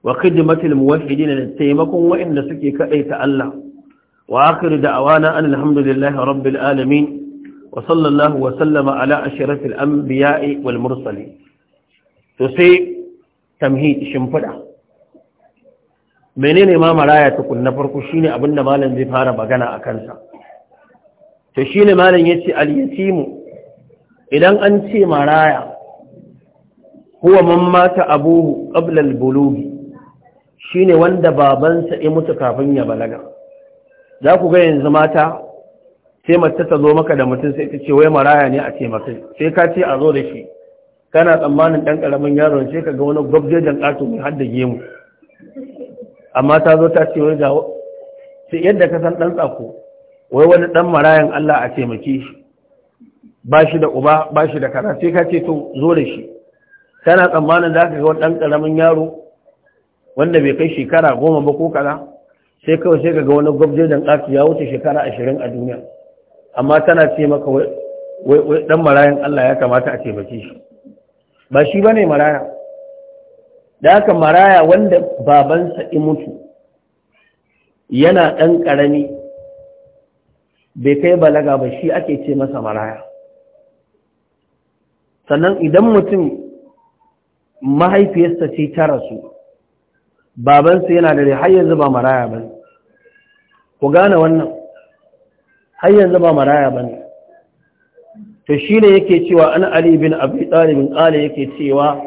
wa khidmatil muwahhidin da taimakon waɗanda suke kaɗaita Allah وآخر دعوانا أن الحمد لله رب العالمين وصلى الله وسلم على أشرف الأنبياء والمرسلين تسي تمهيد شمفدا menene ma maraya tukun na farko shine abin da malam zai fara magana a kansa to shine malam yace al-yatimu idan an ce maraya huwa man mata abuhu qabla al-bulughi shine wanda babansa ya mutu kafin ya balaga za ku ga yanzu mata sai mace ta zo maka da mutum sai ta ce wai maraya ne a taimakai? sai ka ce a zo da shi kana tsammanin ɗan ƙaramin yaron sai ka ga wani gwabjejen ƙato mai hadda gemu amma ta zo ta ce wai ga sai yadda ka san ɗan tsako wai wani ɗan marayan Allah a taimake shi ba shi da uba ba shi da kara sai ka ce to zo da shi kana tsammanin za ka ga wani ɗan ƙaramin yaro wanda bai kai shekara goma ba ko kaza sai kawai sai kaga wani gwabje dan ƙafi ya wuce shekara ashirin a duniya amma tana ce maka wai ɗan marayan Allah ya kamata a taimake shi ba shi ba ne maraya da aka maraya wanda babansa in mutu yana ɗan ƙarami bai kai balaga ba shi ake ce masa maraya sannan idan mutum mahaifiyarsa ce ta rasu Babansa yana da har yanzu ba maraya ba ku gane wannan har yanzu ba maraya ba to shi ne yake cewa an alibin bin ɗalibin ƙale yake cewa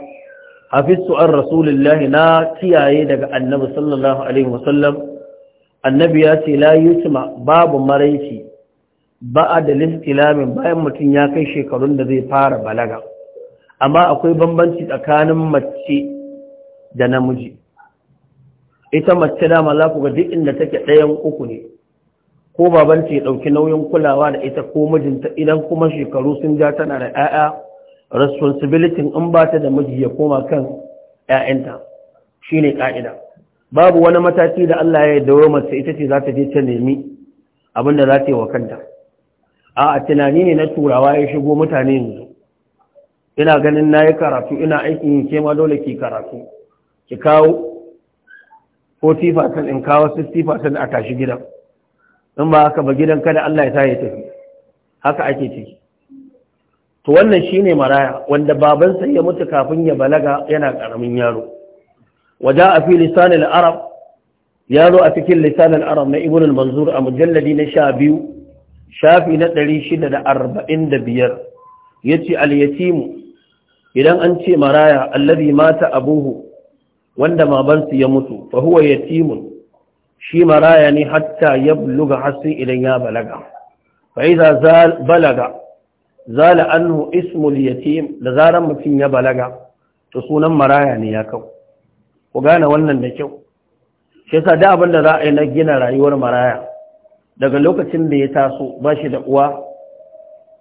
hafizu an rasulullahi na kiyaye daga annabi sallallahu alaihi wasallam annabi ya ce la babu maraici ba da listilamin bayan mutum ya kai shekarun da zai fara balaga amma akwai bambanci tsakanin mace da namiji ita mace dama za ku ga duk inda take ɗayan uku ne ko babanta ya ɗauki nauyin kulawa da ita ko mijinta idan kuma shekaru sun ja tana da 'ya'ya responsibility in ba ta da miji ya koma kan 'ya'yanta shine ƙa'ida babu wani mataki da Allah ya dawo mace ita ce za ta je ta nemi abin da za ta yi wa kanta a tunani ne na turawa ya shigo mutane yanzu ina ganin na yi karatu ina aikin yin ma dole ki karatu ki kawo 40% in kawo 60% a tashi gidan in ba haka ba gidan kada Allah ya sa ya tafi haka ake ciki to wannan shine maraya wanda babansa ya mutu kafin ya balaga yana karamin yaro waja a fi lisan al-arab ya a cikin lisan al-arab na ibn al-manzur a mujalladi na 12 shafi na 645 yace al-yatim idan an ce maraya alladhi mata abuhu wanda babansu ya mutu fa huwa yatimun shi maraya ne hatta ya buluga hasin idan ya balaga fa za balaga zala annu ismul yatim da zaran mutum ya balaga to sunan maraya ne ya kau ku gane wannan da kyau shi yasa da abin da za a yi na gina rayuwar maraya daga lokacin da ya taso ba shi da uwa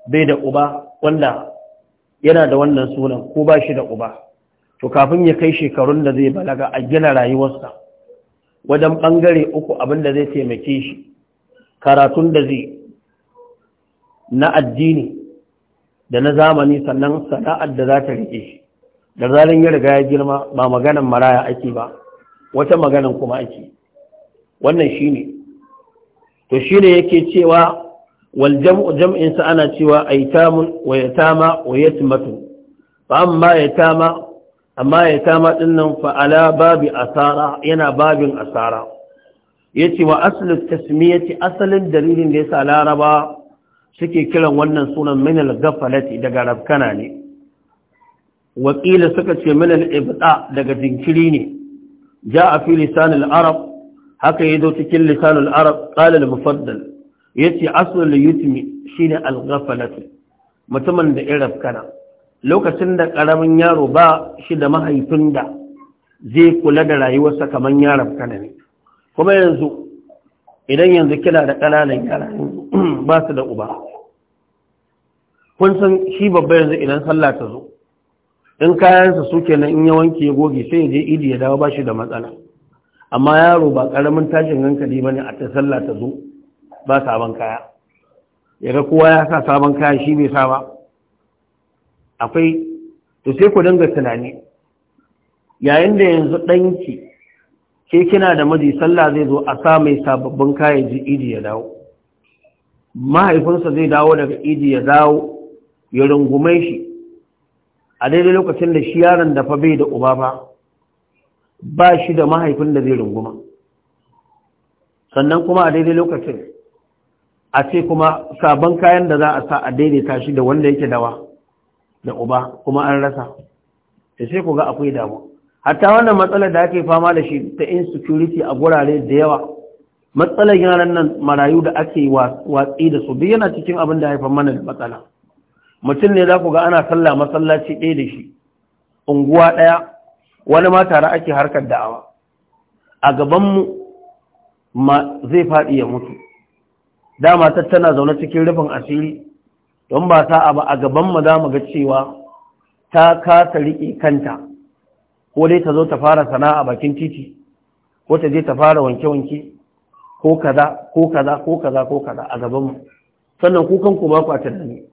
bai da uba wanda yana da wannan sunan ko ba shi da uba to kafin ya kai shekarun da zai balaga a gina rayuwarsa wajen ɓangare uku abin da zai taimake shi karatun da zai na addini da na zamani sannan sana'ar da za ta riƙe shi da zalin ya riga ya girma ba maganan maraya ake ba wata maganan kuma ake wannan shi ne to shi ne yake cewa waljam'u jam'insa ana cewa aitamun wa yatama wa yatmatu fa amma yatama amma ya kama fa'ala babi asara yana babin asara ce wa aslu ce asalin dalilin da yasa laraba suke kiran wannan sunan min gafalati daga rafkana ne wakila suka ce min al daga jinkiri ne jaa fi lisanin arab haka yazo cikin lisan arab qala al-mufaddal yace aslu al-yutmi shine al-ghaflati mutumin da rafkana lokacin da ƙaramin yaro ba shi da mahaifin da zai kula da rayuwarsa kamar yaron kana ne kuma yanzu idan yanzu kila da ƙananan yara [clears throat] ba su da uba kun san shi babba yanzu idan sallah ta zo in kayansa su kenan in ya wanke ya goge sai ya je idi ya dawo ba shi da matsala amma yaro ba ƙaramin tashin hankali ba ne a ta sallah ta zo ba sabon kaya ya ga kowa ya sa sabon kaya shi bai sa ba akwai to sai ku dinga tunani yayin da yanzu ɗanki ke kina da maji sallah zai zo a sa mai sababbin kayan ji idi ya dawo mahaifinsa zai dawo daga idi ya dawo ya rungume shi a daidai lokacin da shi yaron da fa bai da uba ba ba shi da mahaifin da zai runguma sannan kuma a daidai lokacin a ce kuma sabon kayan da za a sa a daidaita shi da wanda yake dawa da uba kuma an rasa da sai ku ga akwai damu hatta wannan matsalar da ake fama da shi ta insecurity a gurare da yawa matsalar yaran nan marayu da ake watsi da su duk yana cikin abin da haifar mana matsala mutum ne za ku ga ana sallah masallaci ɗaya da shi unguwa ɗaya wani ma tare ake harkar da'awa a gabanmu mu zai faɗi ya mutu dama tattana tana zaune cikin rufin asiri don ba ta ba a gaban mu za mu ga cewa ta kasa riƙe kanta ko dai ta zo ta fara sana'a bakin titi ko ta je ta fara wanke-wanke ko kaza ko kaza ko kaza ko kaza a gaban mu sannan ku kanku ba ku a tunani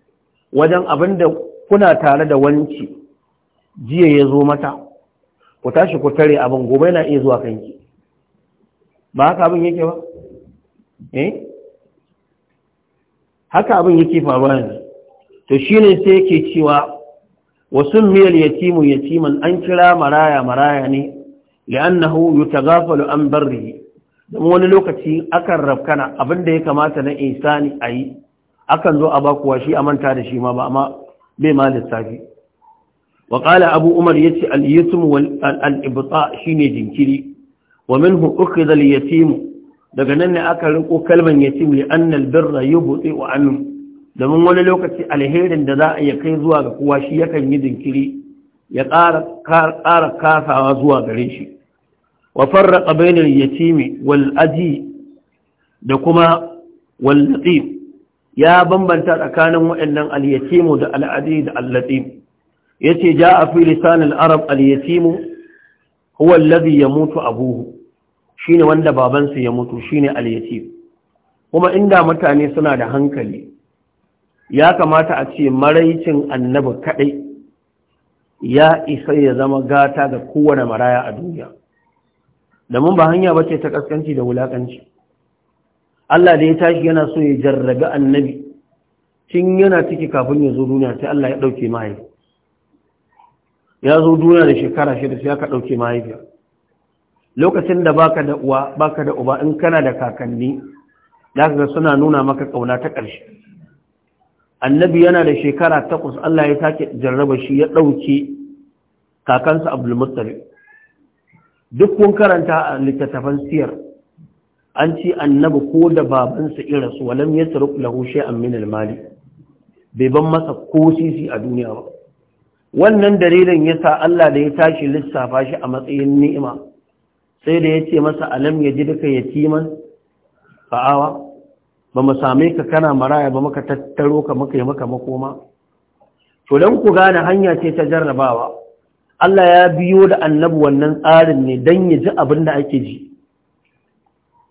wajen abin da kuna tare da wanci jiya ya zo mata ku tashi ku tare abin gobe na iya zuwa kanki ba haka abin yake ba eh haka abin yake faruwa yanzu to shine sai yake cewa wasu miyar yatimu yatiman an kira maraya maraya ne li'annahu yutaghafalu an barri dan wani lokaci akan rafkana abinda ya kamata na insani ayi akan zo a bakuwa shi a manta da shi ma ba amma bai ma lissafi wa qala abu umar yace al-yatm wal al-ibta shine jinkiri wa minhu ukhidha al-yatim daga nan ne aka riko kalman yatim li al-birra yubti wa anhu domin wani lokaci alherin da za a iya kai zuwa ga kowa shi yakan yi jinkiri ya ƙara kasawa zuwa gare shi wa farraqa bainal yatimi wal aji da kuma wal latif ya bambanta tsakanin waɗannan al da al da da Ya ce, yace a fi lisan arab alyatimu yatimu ya mutu yamutu abuhu shine wanda babansa ya mutu shine al kuma inda mutane suna da hankali ya kamata a ce maraicin annabi kaɗai ya isa ya zama gata ga kowane maraya a duniya domin ba hanya ba ce ta kaskanci da wulakanci Allah da ya tashi yana so ya jarrabi annabi tun yana ciki kafin ya zo duniya sai Allah ya ɗauke mahaifi ya zo duniya da shekara shida sai aka ɗauke mahaifi lokacin da baka da uwa baka da uba in kana da kakanni da ga suna nuna maka ƙauna ta ƙarshe annabi yana da shekara takwas Allah ya sake jarraba shi ya ɗauki kakansa abdulmuttalib duk kun karanta a littattafan siyar an ci annabi ko da babansa irinsu walam ya tsaruk lahu shay'an min minal mali bai ban masa ko sisi a duniya ba wannan dalilin ya sa Allah da ya tashi lissafa shi a matsayin ni'ima sai da ya ce masa alam ya ji ya yatiman fa'awa ba mu same ka kana maraya ba maka tattaro ka muka yi maka makoma to dan ku gane hanya ce ta jarrabawa Allah ya biyo da annabi wannan tsarin ne don ya ji abin da ake ji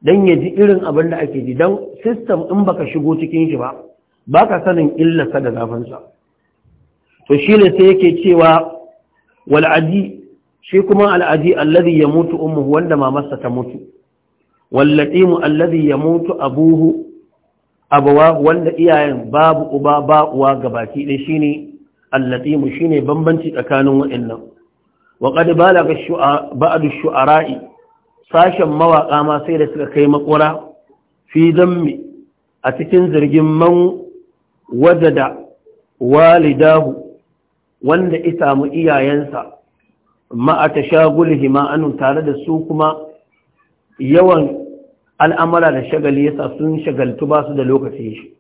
ya ji irin abin da ake ji dan system in baka shigo cikin shi ba baka sanin illarsa da zafinsa to shine sai yake cewa wal shi kuma al'adi ya mutu ummuhu wanda mamarsa ta mutu mu latimu ya mutu abuhu abawa wanda iyayen babu uba ba uwa gabaki ɗaya shine allatimu shine bambanci tsakanin wa'annan wa qad balaga ba'du shu'ara'i sashen mawaƙa ma sai da suka kai makura fi dammi a cikin zargin man wajada walidahu wanda ita mu iyayensa ma a tashagulihima anu tare da su kuma yawan al’amala da shagali yasa sun shagaltu ba su da lokaci shi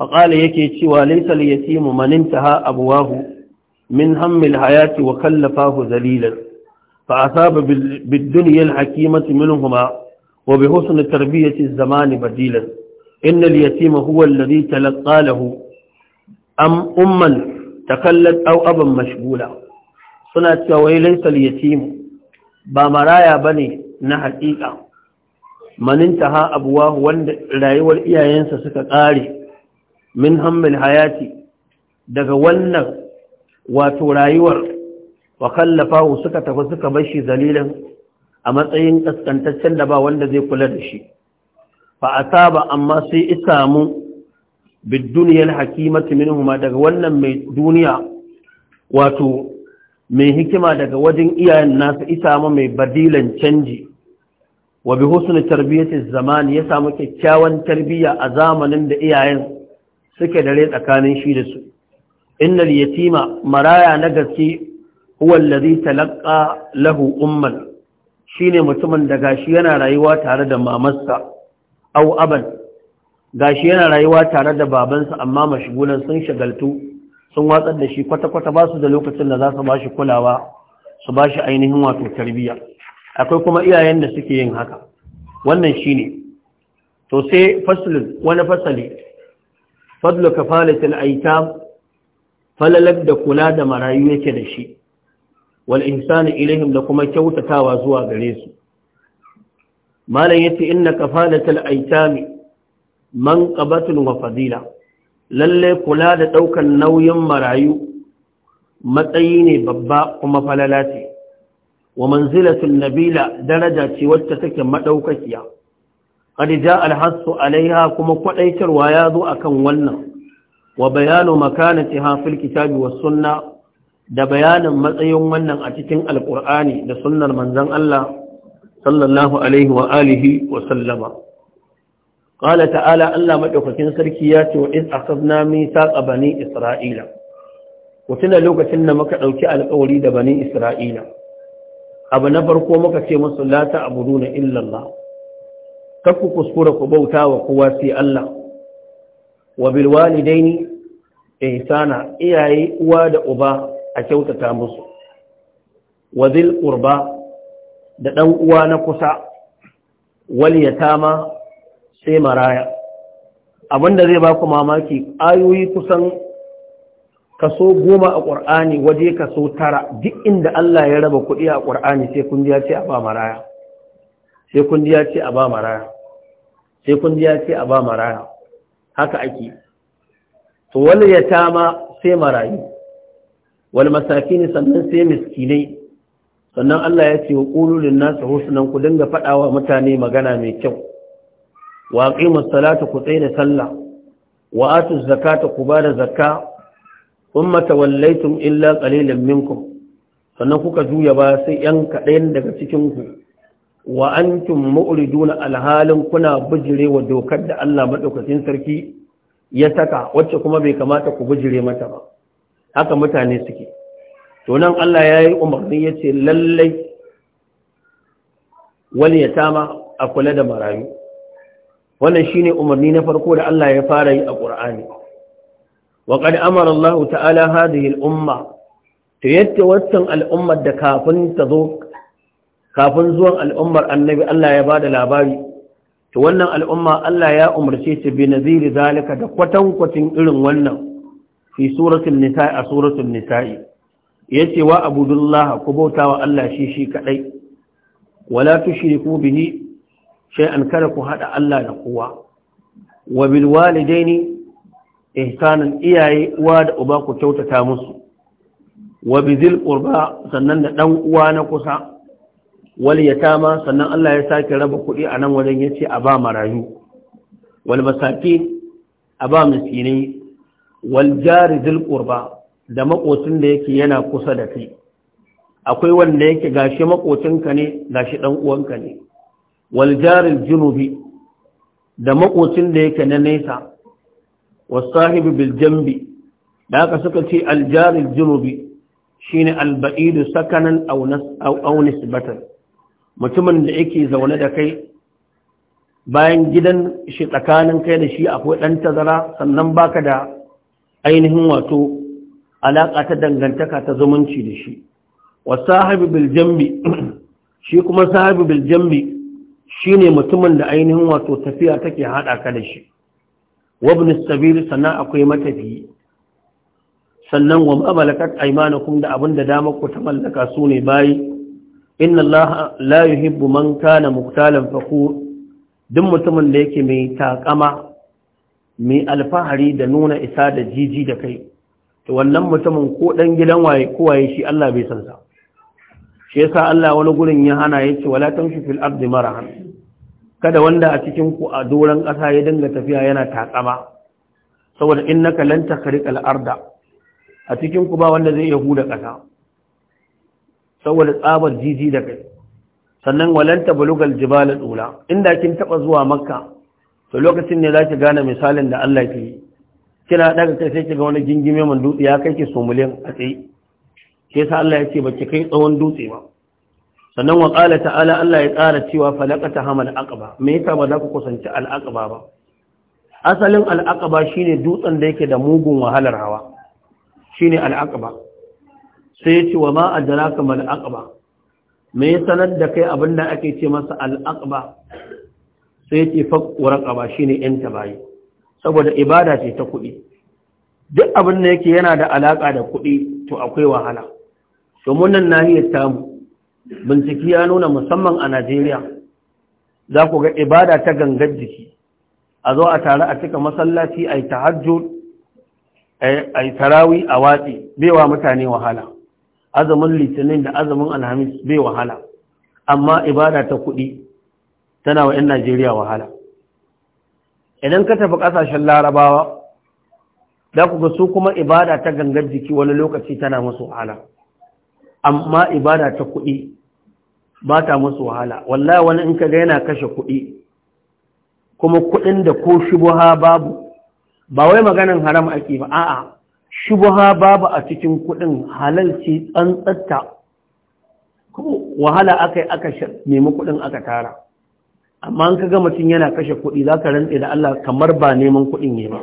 faƙala yake cewa laisa liyatimu maninta ha abuwahu min hammil hayati wa kallafahu zalilan fa asaba bid dunyal min huma wa bi husni tarbiyati az-zamani badilan inna al-yatima huwa alladhi talaqqa am umman takallat aw aban mashghula suna cewa wai laisa al-yatimu ba maraya bane na haƙiƙa maninta ha abuwa wanda rayuwar iyayensa suka ƙare min hammil hayati daga wannan wato rayuwar wa suka tafi suka bashi zalilan a matsayin kaskantaccen da ba wanda zai kula da shi fa asaba amma sai isamu bid dunyal hakimatu minhuma daga wannan mai duniya wato mai hikima daga wajen iyayen nasa isamu mai badilan canji wa bi husn tarbiyyati zaman ya samu kyakkyawan tarbiyya a zamanin da iyayen suke da rai tsakanin shi da su innal yatima maraya na gaske huwa alladhi talaqa lahu umman shine mutumin da gashi yana rayuwa tare da mamarsa aw aban gashi yana rayuwa tare da babansa amma mashgulan sun shagaltu sun watsar da shi kwata-kwata ba su da lokacin da za su ba shi kulawa su ba shi ainihin wato tarbiyya akwai kuma iyayen da suke yin haka wannan shine to sai faslun wani fasali fadlu kafalatul aita falalar da kula da marayu yake da shi wal insani ilihim da kuma kyautatawa zuwa gare su malam yace inna kafalatul aitami man qabatun wa fadila lalle kula da ɗaukar nauyin marayu matsayi ne babba kuma falala wa manzilatul nabila daraja ce wacce take madaukakiya qad jaa al-hasu alaiha kuma kwadaitarwa ya zo akan wannan wa bayanu makanatiha fil kitabi was sunna da bayanin matsayin wannan a cikin alqur'ani da sunnar manzon Allah sallallahu alaihi wa alihi wa sallama qala ta'ala Allah madaukakin sarki ya ce wa iz akhadna mithaqa bani isra'ila Ku tuna lokacin da muka dauki alƙawari da bani isra'ila abu na farko muka ce musu la ta'buduna na illallah, kakku kuskura ku bauta wa kowa sai Allah wa bil walidaini ihsana iyaye uwa da uba a kyautata musu wa zil qurba da dan uwa na kusa wal yatama sai maraya abinda zai ba ku mamaki ayoyi kusan kaso goma a ƙur'ani waje kaso tara duk inda Allah ya raba kuɗi a ƙwar'ani sai kun ya ce a ba maraya sai kun ya ce a ba maraya sai kun ya ce a ba maraya haka ake to wani ta ma sai marayu wal ne sannan sai miskinai sannan Allah ya ce wa ƙulurin nasa nas ku dinga faɗawa mutane magana mai kyau wa masalatu ku tsaye da sallah wa zakata ku ba da zakka mata wallaitun illa قليلا minku, sannan kuka juya ba sai ‘yan kaɗayan daga cikinku wa an mu'riduna alhalin kuna bijire wa dokar da Allah maɗaukacin sarki ya saka wacce kuma bai kamata ku bijire mata ba haka mutane suke to nan Allah ya yi umarni ya ce lallai wani ya tama a kula da marayu wannan shine umarni na farko da Allah ya fara yi a ƙur'ani وقد أمر الله تعالى هذه الأمة تيتوسن الأمة دكافن تذوق kafin zuwan al'ummar annabi Allah ya ba da labari, ta wannan al'umma Allah ya umarce ta bi naziri zalika da kwatankwacin irin wannan fi suratun nisa'i a suratun nisa'i, ya cewa wa abudullah ku bauta wa Allah shi shi kaɗai, wala tushriku bihi an kada ku haɗa Allah da kowa, wa bil ne. ihsanan iyaye uwa da uba ku kyautata musu wa bizil qurba sannan da dan uwa na kusa wal yatama sannan Allah ya sake raba kuɗi a nan wajen yace a ba marayu wal masakin a ba miskini wal jari zil qurba da makocin da yake yana kusa da kai akwai wanda yake gashi makocinka ne gashi dan uwanka ne wal jari junubi da makocin da yake na nesa wasahibi bil jambi da haka suka ce aljaril junubi shine alba'idu sakanan aw nisbatan mutumin da yake zaune da kai bayan gidan shi tsakanin kai da shi akwai ɗan tazara sannan baka da ainihin wato alaƙa ta dangantaka ta zumunci da shi wa sahibi biljambi, shi kuma sahibi biljambi, shi shine mutumin da ainihin wato tafiya take haɗa ka da shi wabin sabir sannan akwai matafi sannan wa ma'amalakat aimanakum da abin da damar ku ta mallaka su ne bayi inna Allah la yuhibbu man kana muktalan fakhur duk mutumin da yake mai takama mai alfahari da nuna isa da jiji da kai to wannan mutumin ko ɗan gidan waye kowaye shi Allah bai san sa shi yasa Allah wani gurin ya hana yace wala tamshi fil ardi marahan kada wanda a cikin ku a doron ƙasa ya dinga tafiya yana takama saboda innaka lan takhriqal arda a cikin ku ba wanda zai iya huda ƙasa saboda tsabar jiji da kai sannan walan tablugal jibal dula inda kin taba zuwa makka to lokacin ne zaki gane misalin da Allah ke kina daga kai sai kiga wani gingime man dutse ya kai ki sumulin a tsaye sai Allah ya ce baki kai tsawon dutse ba sannan wa ƙala ta'ala Allah ya ƙara cewa ta hama al’aƙaba me yasa ba za ku kusanci al’aƙaba ba asalin al’aƙaba shi shine dutsen da yake da mugun wahalar hawa shi ne al’aƙaba sai ya ce wa ma adraka mal al’aƙaba me ya sanar da kai abin da ake ce masa al’aƙaba sai ya ce ƙaba shi shine yan tabayi saboda ibada ce ta kuɗi duk abin da yake yana da alaƙa da kuɗi to akwai wahala domin nan nahiyar tamu Binciki ya nuna musamman a najeriya za ku ga ibada ta gangar jiki a zo a tare a cika masallaci a yi tahajjud a yi tarawi a watsi baiwa mutane wahala azumin litinin da azumin alhamis bai wahala amma ibada ta kuɗi tana wa 'yan najeriya wahala idan ka tafi ƙasashen larabawa da ku ga su kuma ibada ta gangar jiki wani lokaci tana musu wahala amma ibada ta kuɗi ba ta musu wahala wallah wani in ga yana kashe kuɗi kuma kuɗin da ko shubuha babu ba wai maganin haram ake ba a'a shubuha babu a cikin kuɗin halalci tsantsatta kuma wahala aka yi aka nemi kuɗin aka tara amma an kaga mutum yana kashe kuɗi za ka rantse da Allah kamar ba neman kuɗin ne ba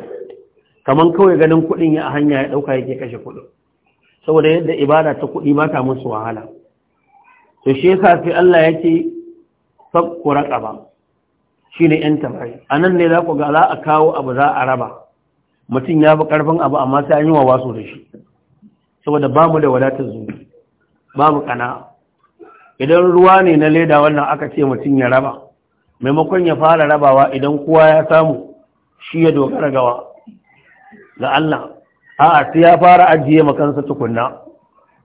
kamar kawai ganin kuɗin ya a hanya ya ɗauka yake kashe kuɗin saboda yadda ibada ta kuɗi ta musu wahala to shi yasa sai Allah ya ce fakku raqaba shine yan tamari anan ne za ku ga za a kawo abu za a raba mutum ya bi karfin abu amma sai an yi wa waso da shi saboda bamu da wadatar zuwa babu kana idan ruwa ne na leda wannan aka ce mutum ya raba maimakon ya fara rabawa idan kowa ya samu shi ya dogara gawa ga Allah a'a sai ya fara ajiye makansa tukunna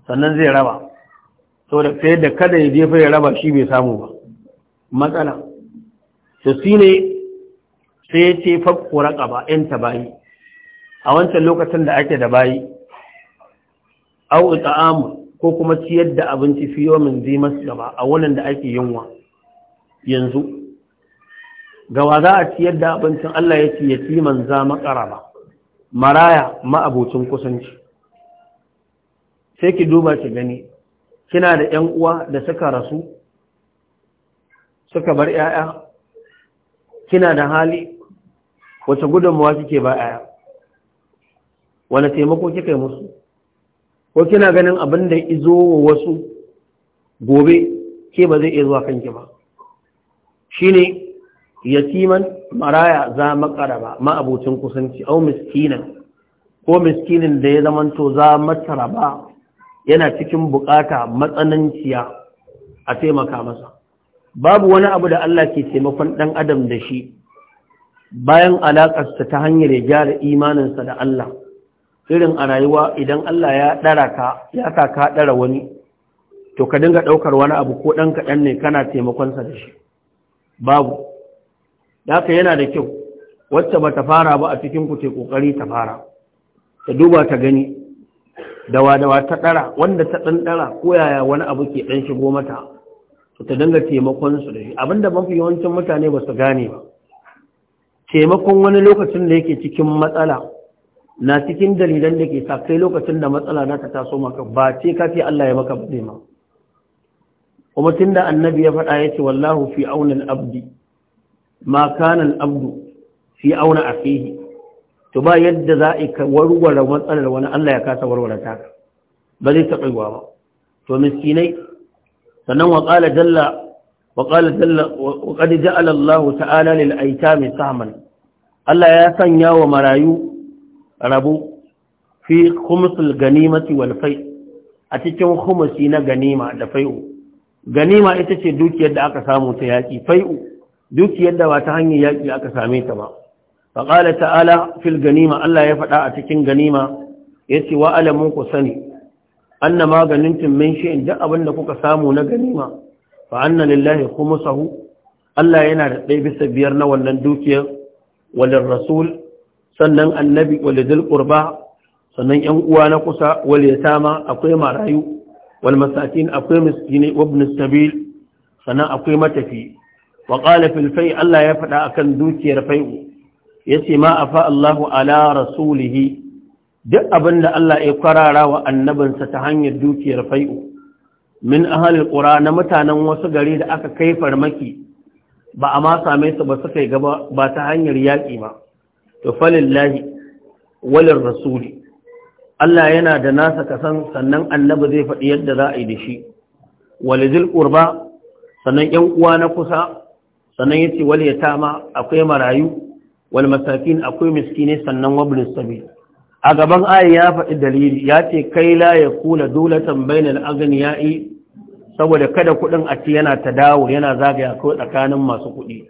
sannan zai raba so da da kada ya jefa ya raba shi bai samu ba matsala to shi ne sai ce fakko raƙa ba ‘yan ta bayi a wancan lokacin da ake da bayi au ita Amu ko kuma ciyar da abinci fiye min zimas gaba a wannan da ake yunwa yanzu gawa za a ciyar da abincin Allah ya ce ya manza za makaraba maraya ma'abocin kusanci sai ki duba ki gani kina da ‘yan uwa da suka rasu suka bar ‘ya'ya kina da hali wace gudunmawa kike ba ‘ya'ya wane taimako kika yi musu ko kina ganin abin da izo wa wasu gobe ke ba zai iya zuwa kanki ba shi ne yatiman maraya za ba ma'abocin kusanci au miskinin, ko miskinin da ya zamanto za ba. yana cikin bukata matsananciya a taimaka masa babu wani abu da Allah ke taimakon ɗan adam da shi bayan alaƙarsa ta hanyar ya gyara imaninsa da Allah irin a rayuwa idan Allah ya ɗara ka ya ka ka ɗara wani to ka dinga ɗaukar wani abu ko dan kaɗan ne kana taimakonsa da shi babu da yana da kyau wacce bata fara ba a cikin ku ce ƙoƙari ta fara ta duba ta gani dawa-dawa ta ɗara wanda ta ɗan ɗara ko yaya wani abu ke ɗan shigo mata ta danga taimakon su da shi abinda mafi yawancin mutane ba su gane ba taimakon wani lokacin da yake cikin matsala na cikin dalilan da ke sa kai lokacin da matsala na ta taso maka ba ce ka ce Allah ya maka bude ma kuma tunda annabi ya faɗa ya ce wallahu fi auna abdi ma kana abdu fi auna akhihi to ba yadda za a warware matsalar wani Allah ya kasa warware ta ba zai taɓa yiwa ba to miskinai sannan wa qala jalla wa jalla wa ja'ala Allah ta'ala lil aitami sahman Allah ya sanya wa marayu rabu fi khumsul ganimati wal fai a cikin khumsi na ganima da fai'u ganima ita ce dukiyar da aka samu ta yaƙi fai'u dukiyar da ba ta hanyar yaƙi aka same ta ba faƙala ta'ala fil ganima Allah ya faɗa a cikin ganima ya ce wa alamun ku sani an na maganin timmin shi in duk abin da kuka samu na ganima fa an na lillahi kuma sahu Allah yana da ɗaya bisa biyar na wannan dukiyar walin rasul sannan annabi walidul qurba sannan yan uwa na kusa wal yatama akwai marayu wal masakin akwai miskini ibn sabil sannan akwai matafi wa fil fai Allah ya faɗa akan dukiyar fai'u yace ma fa Allahu ala rasulihi duk abin da Allah ya kwarara wa annabinsa ta hanyar dukiyar fai'u min ahalin ƙura na mutanen wasu gari da aka kai farmaki ba a ma same su ba suka yi gaba ba ta hanyar yaƙi ba to falillahi walin rasuli Allah yana da nasa kasan sannan annabi zai faɗi yadda za a yi da shi walidil qurba sannan 'yan uwa na kusa sannan yace wal ma. akwai marayu wal masakin akwai miskine sannan wabin sabi a gaban ayi ya faɗi dalili ya ce kai la ya kula dolatan ya agniya'i saboda kada kuɗin a ci yana dawo yana zagaya kawai tsakanin masu kuɗi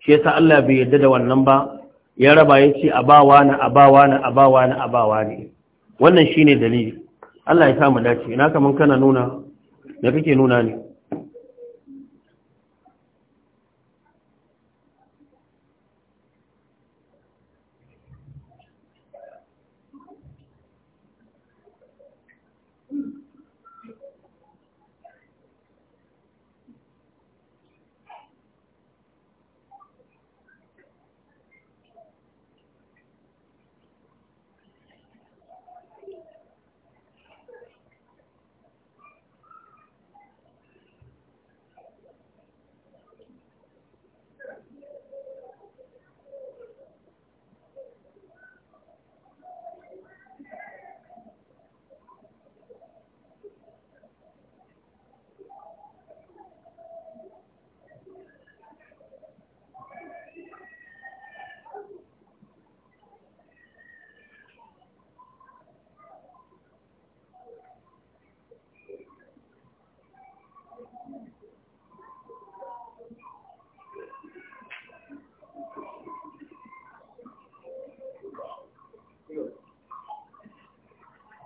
shi yasa Allah bai yarda da wannan ba ya raba ya ce abawa na abawa na abawa na abawa ne wannan shine dalili Allah ya sa mu dace ina kaman kana nuna da kake nuna ne